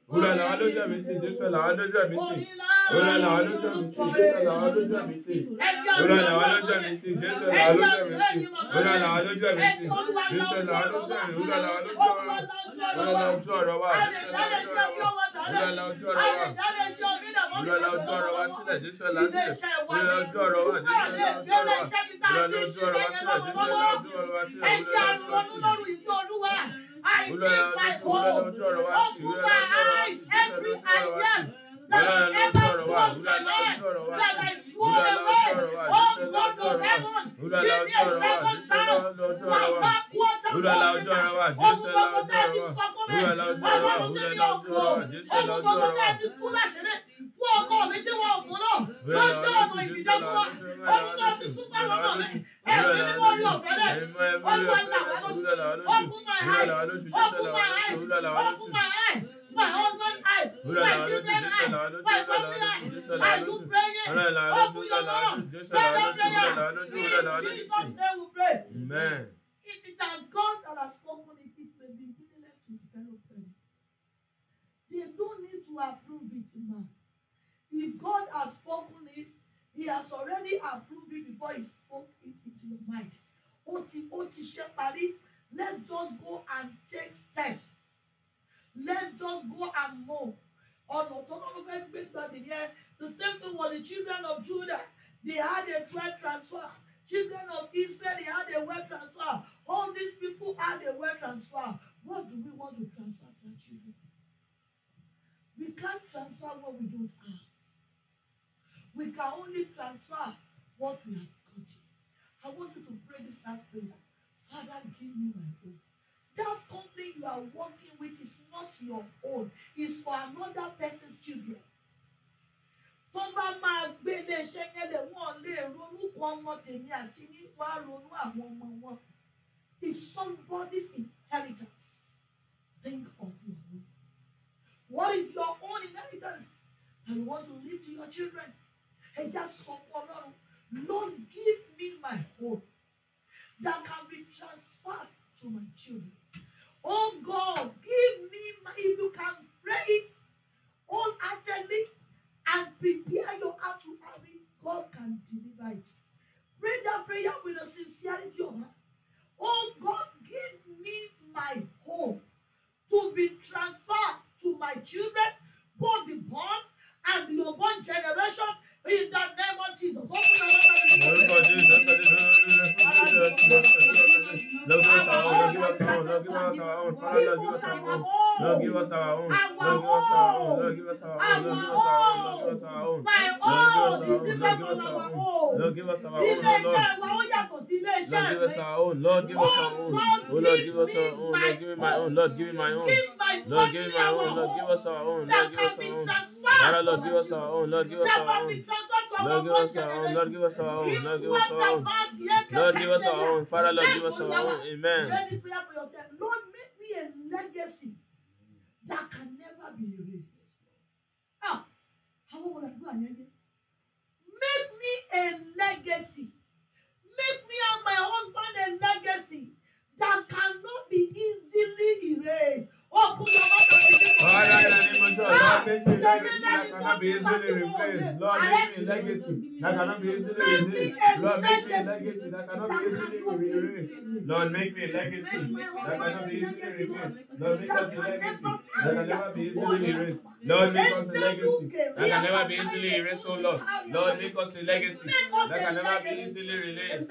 Oulà là lójú àmì sí, Jésù là lójú àmì sí. Oulà là lójú àmì sí, Jésù là lójú àmì sí. Oulà là lójú àmì sí, Jésù là lójú àmì sí. Oulà là lójú àmì sí, Jésù là lójú àmì sí. Oulà là lójú àmì sí, Oulà là ojú ọ̀rọ̀ wa. Oulà là ojú ọ̀rọ̀ wa. Oulà là ojú ọ̀rọ̀ wa sílẹ̀, I take my home. Open my eyes, every idea that was ever crossed my mind, that I swore away. Oh God of heaven, give me a second chance. My back water was in Ohun gbogbo tẹ́ ti sọ fún mi. Ọlọ́run ṣe mi ọkọ̀. Ohun gbogbo tẹ́ ti tú láṣẹrẹ. Fún ọkọ mi tí wọ́n mú náà. Lọ́jọ́ ọ̀nà ìdíje fún wa. Ohun tó ti tú pẹ́ lọ́nà mi. Ẹ̀mí ni mo rí ọ̀fẹ́ rẹ̀. Olúwa gbà wá lójú. Open my eyes. Open my eyes. Open my eyes. My husband, I, my children, I, my family, I, I do pray. Open your mouth. Father, prayer. In Jesus' name we pray. Amen. If it has God that has spoken it, it may be meaningless to develop them. They don't need to approve it man. If God has spoken it, He has already approved it before He spoke it into your mind. Oti Oti ó Let's just go and take steps. Let's just go and move. Ọ̀nà tó náà ló fẹ́ gbé gbàdé yẹn. The same thing with the children of Judah. They had a wealth transfer. Children of Israel, they had a wealth transfer. All these people had a wealth transfer. What do we want to transfer to our children? We can't transfer what we don't have. We can only transfer what we have got. I want you to pray this last prayer. Father, give me my own. That company you are working with is not your own, it's for another person's children. tó bá máa gbé iléeṣẹ́ yẹn lẹ̀ wọ́n lè ronú kan ọmọ tèmi àti ní wá ronú àwọn ọmọ wọn is somebody's inheritance think of your own what is your own inheritance that you want to leave to your children ẹ já sọ fún ọlọ́run Lord give me my home that can be transferred to my children oh God give me my if you can pray it all wholeheartedly and prepare your heart to have it, God can deliver it. Pray that prayer with a sincerity of heart. Oh God, give me my hope to be transferred to my children, both the born and the unborn generation, in the name of Jesus. Open your mouth Lord, give us our own. I want own. Lord, give us our own. Lord, give us our own. My own. Lord, give us our own. Lord, give us our own. Lord, give us our own. Lord, give us our own. Lord, give us our own. Lord, give me my own. Lord, give me my own. Lord, give me my own. Lord, give us our own. Lord, give us our own. Father, Lord, give us our own. Lord, give us our own. Lord, give us our own. Lord, give us our own. Lord, give us our own. Lord, give us our own. Father, Lord, give us our own. Amen. Lord, make me a legacy. that can never be erased. Ah, àwọn ọmọ nàìjíríà yẹn yẹ. Make me a legacy. Make me and my husband a legacy that cannot be easily erased. Lord, make me legacy that be easily Lord, make legacy that be easily Lord, make legacy that legacy that cannot be easily replaced. Lord, make us a legacy that can never be easily erased. Lord, make us a legacy that can never be easily erased, oh Lord. Lord, make us a legacy that can never be easily erased.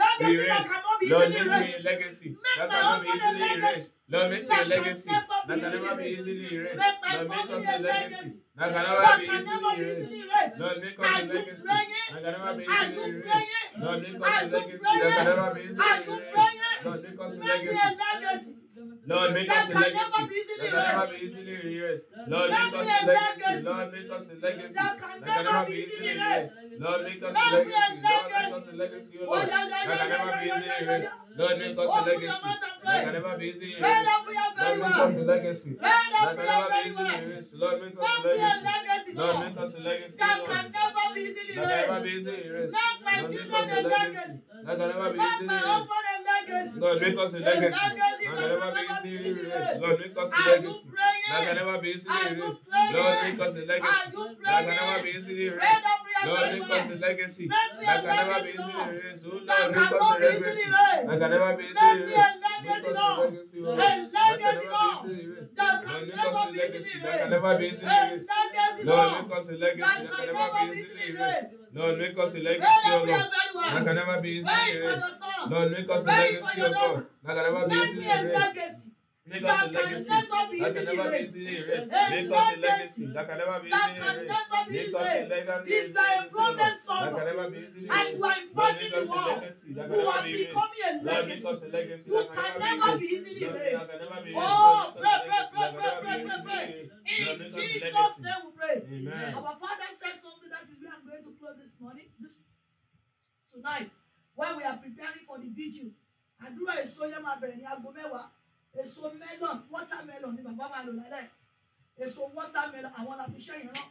Lord, make me a legacy that cannot be easily erased. Let me a legacy that can never be easily erased. Lord, make us a legacy that can never be easily erased. Lord, make us a legacy that can never be easily erased. Lord, make us a legacy that can never be easily erased. Lord, make us a legacy. Lord, make us a legacy. That can Lord, make us a legacy. Lord, make us a legacy. That Lord, make us a legacy. Lord, make us legacy, Lord. Lord, make us a legacy. Lord, make us a legacy. Lord, make us a legacy. Lord, make us a legacy. Lord, make us a legacy. Lord, make us a legacy. Lord make us a legacy. Lord, make us a legacy. Lord make us a legacy. Lord, make us a legacy. That can never be erased. Lord, make us a legacy that can be easily erased. Oh, Lord, make can never be easily erased. Make us a legacy, Lord, that be easily erased. Lord, make us a legacy that can be easily erased. Lord, make us legacy that can never be easily erased. Lord, make us a legacy, O Lord, that can never be easily erased. Lord, make us a legacy, O God, that can never be easily Make That can never be erased. That can never be erased. a you are problem and are the world, you are a legacy. You can never be easily erased. Oh, pray, pray, pray, pray, pray, pray, In Jesus' we pray. Our Father said something that we are going to this tonight, we are preparing for the èso melon watermelon ni bàbá máa lò lálẹ́ èso watermelon àwọn làbí iṣẹ́ yẹn náà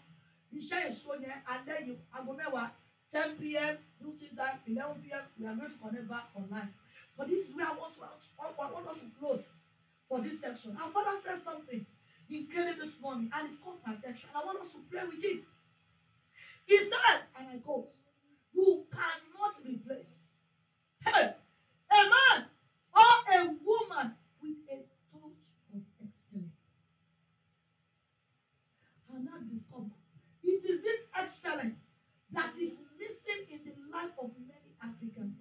iṣẹ́ èso yẹn alẹ́ yìí aago mẹ́wàá ten pm noon time eleven pm we are going to connect back online but this is where I want to I want us to close for this section our father said something He including this morning and it caught my attention I want us to pray with it he said and I quote you cannot replace hey a man never discover. It is this excellence that is missing in the life of many Africans.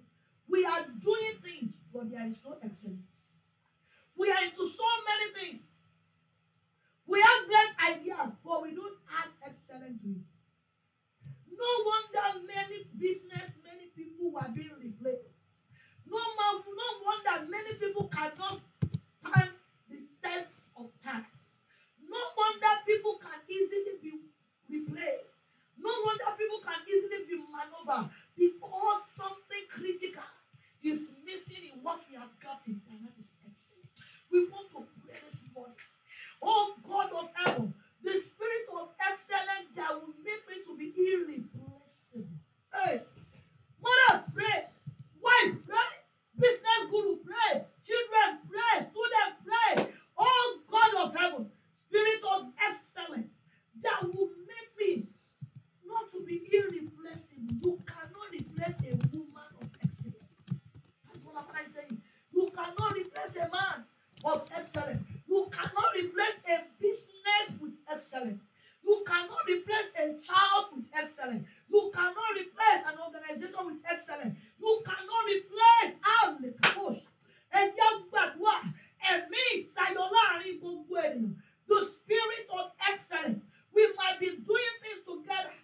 We are doing things, but there is no excellence. We are into so many things. We have great ideas, but we don't add excellence to it. No wonder many business, many people were being replaced. No, no wonder many people cannot stand the test of time. No wonder people can easily be replaced. No wonder people can easily be maneuvered because something critical is missing in what we have gotten, and that is excellent. We want to pray this morning. Oh God of heaven, the spirit of excellence that will make me to be irreplaceable. Hey, mothers pray, wives pray, business guru pray, children pray, students pray. Oh God of heaven, spirit of excellence that will make me not to be irreplaceable. You cannot replace a woman of excellence. That's what I'm saying. You cannot replace a man of excellence. You cannot replace a business with excellence. You cannot replace a child with excellence. You cannot replace an organization with excellence. You cannot replace Alec Bush. Ẹ jẹ́ gbàdúrà ẹ̀mí ìtayọ̀ láàrin gbogbo ènìyàn. the spirit of excellence. We might be doing things to get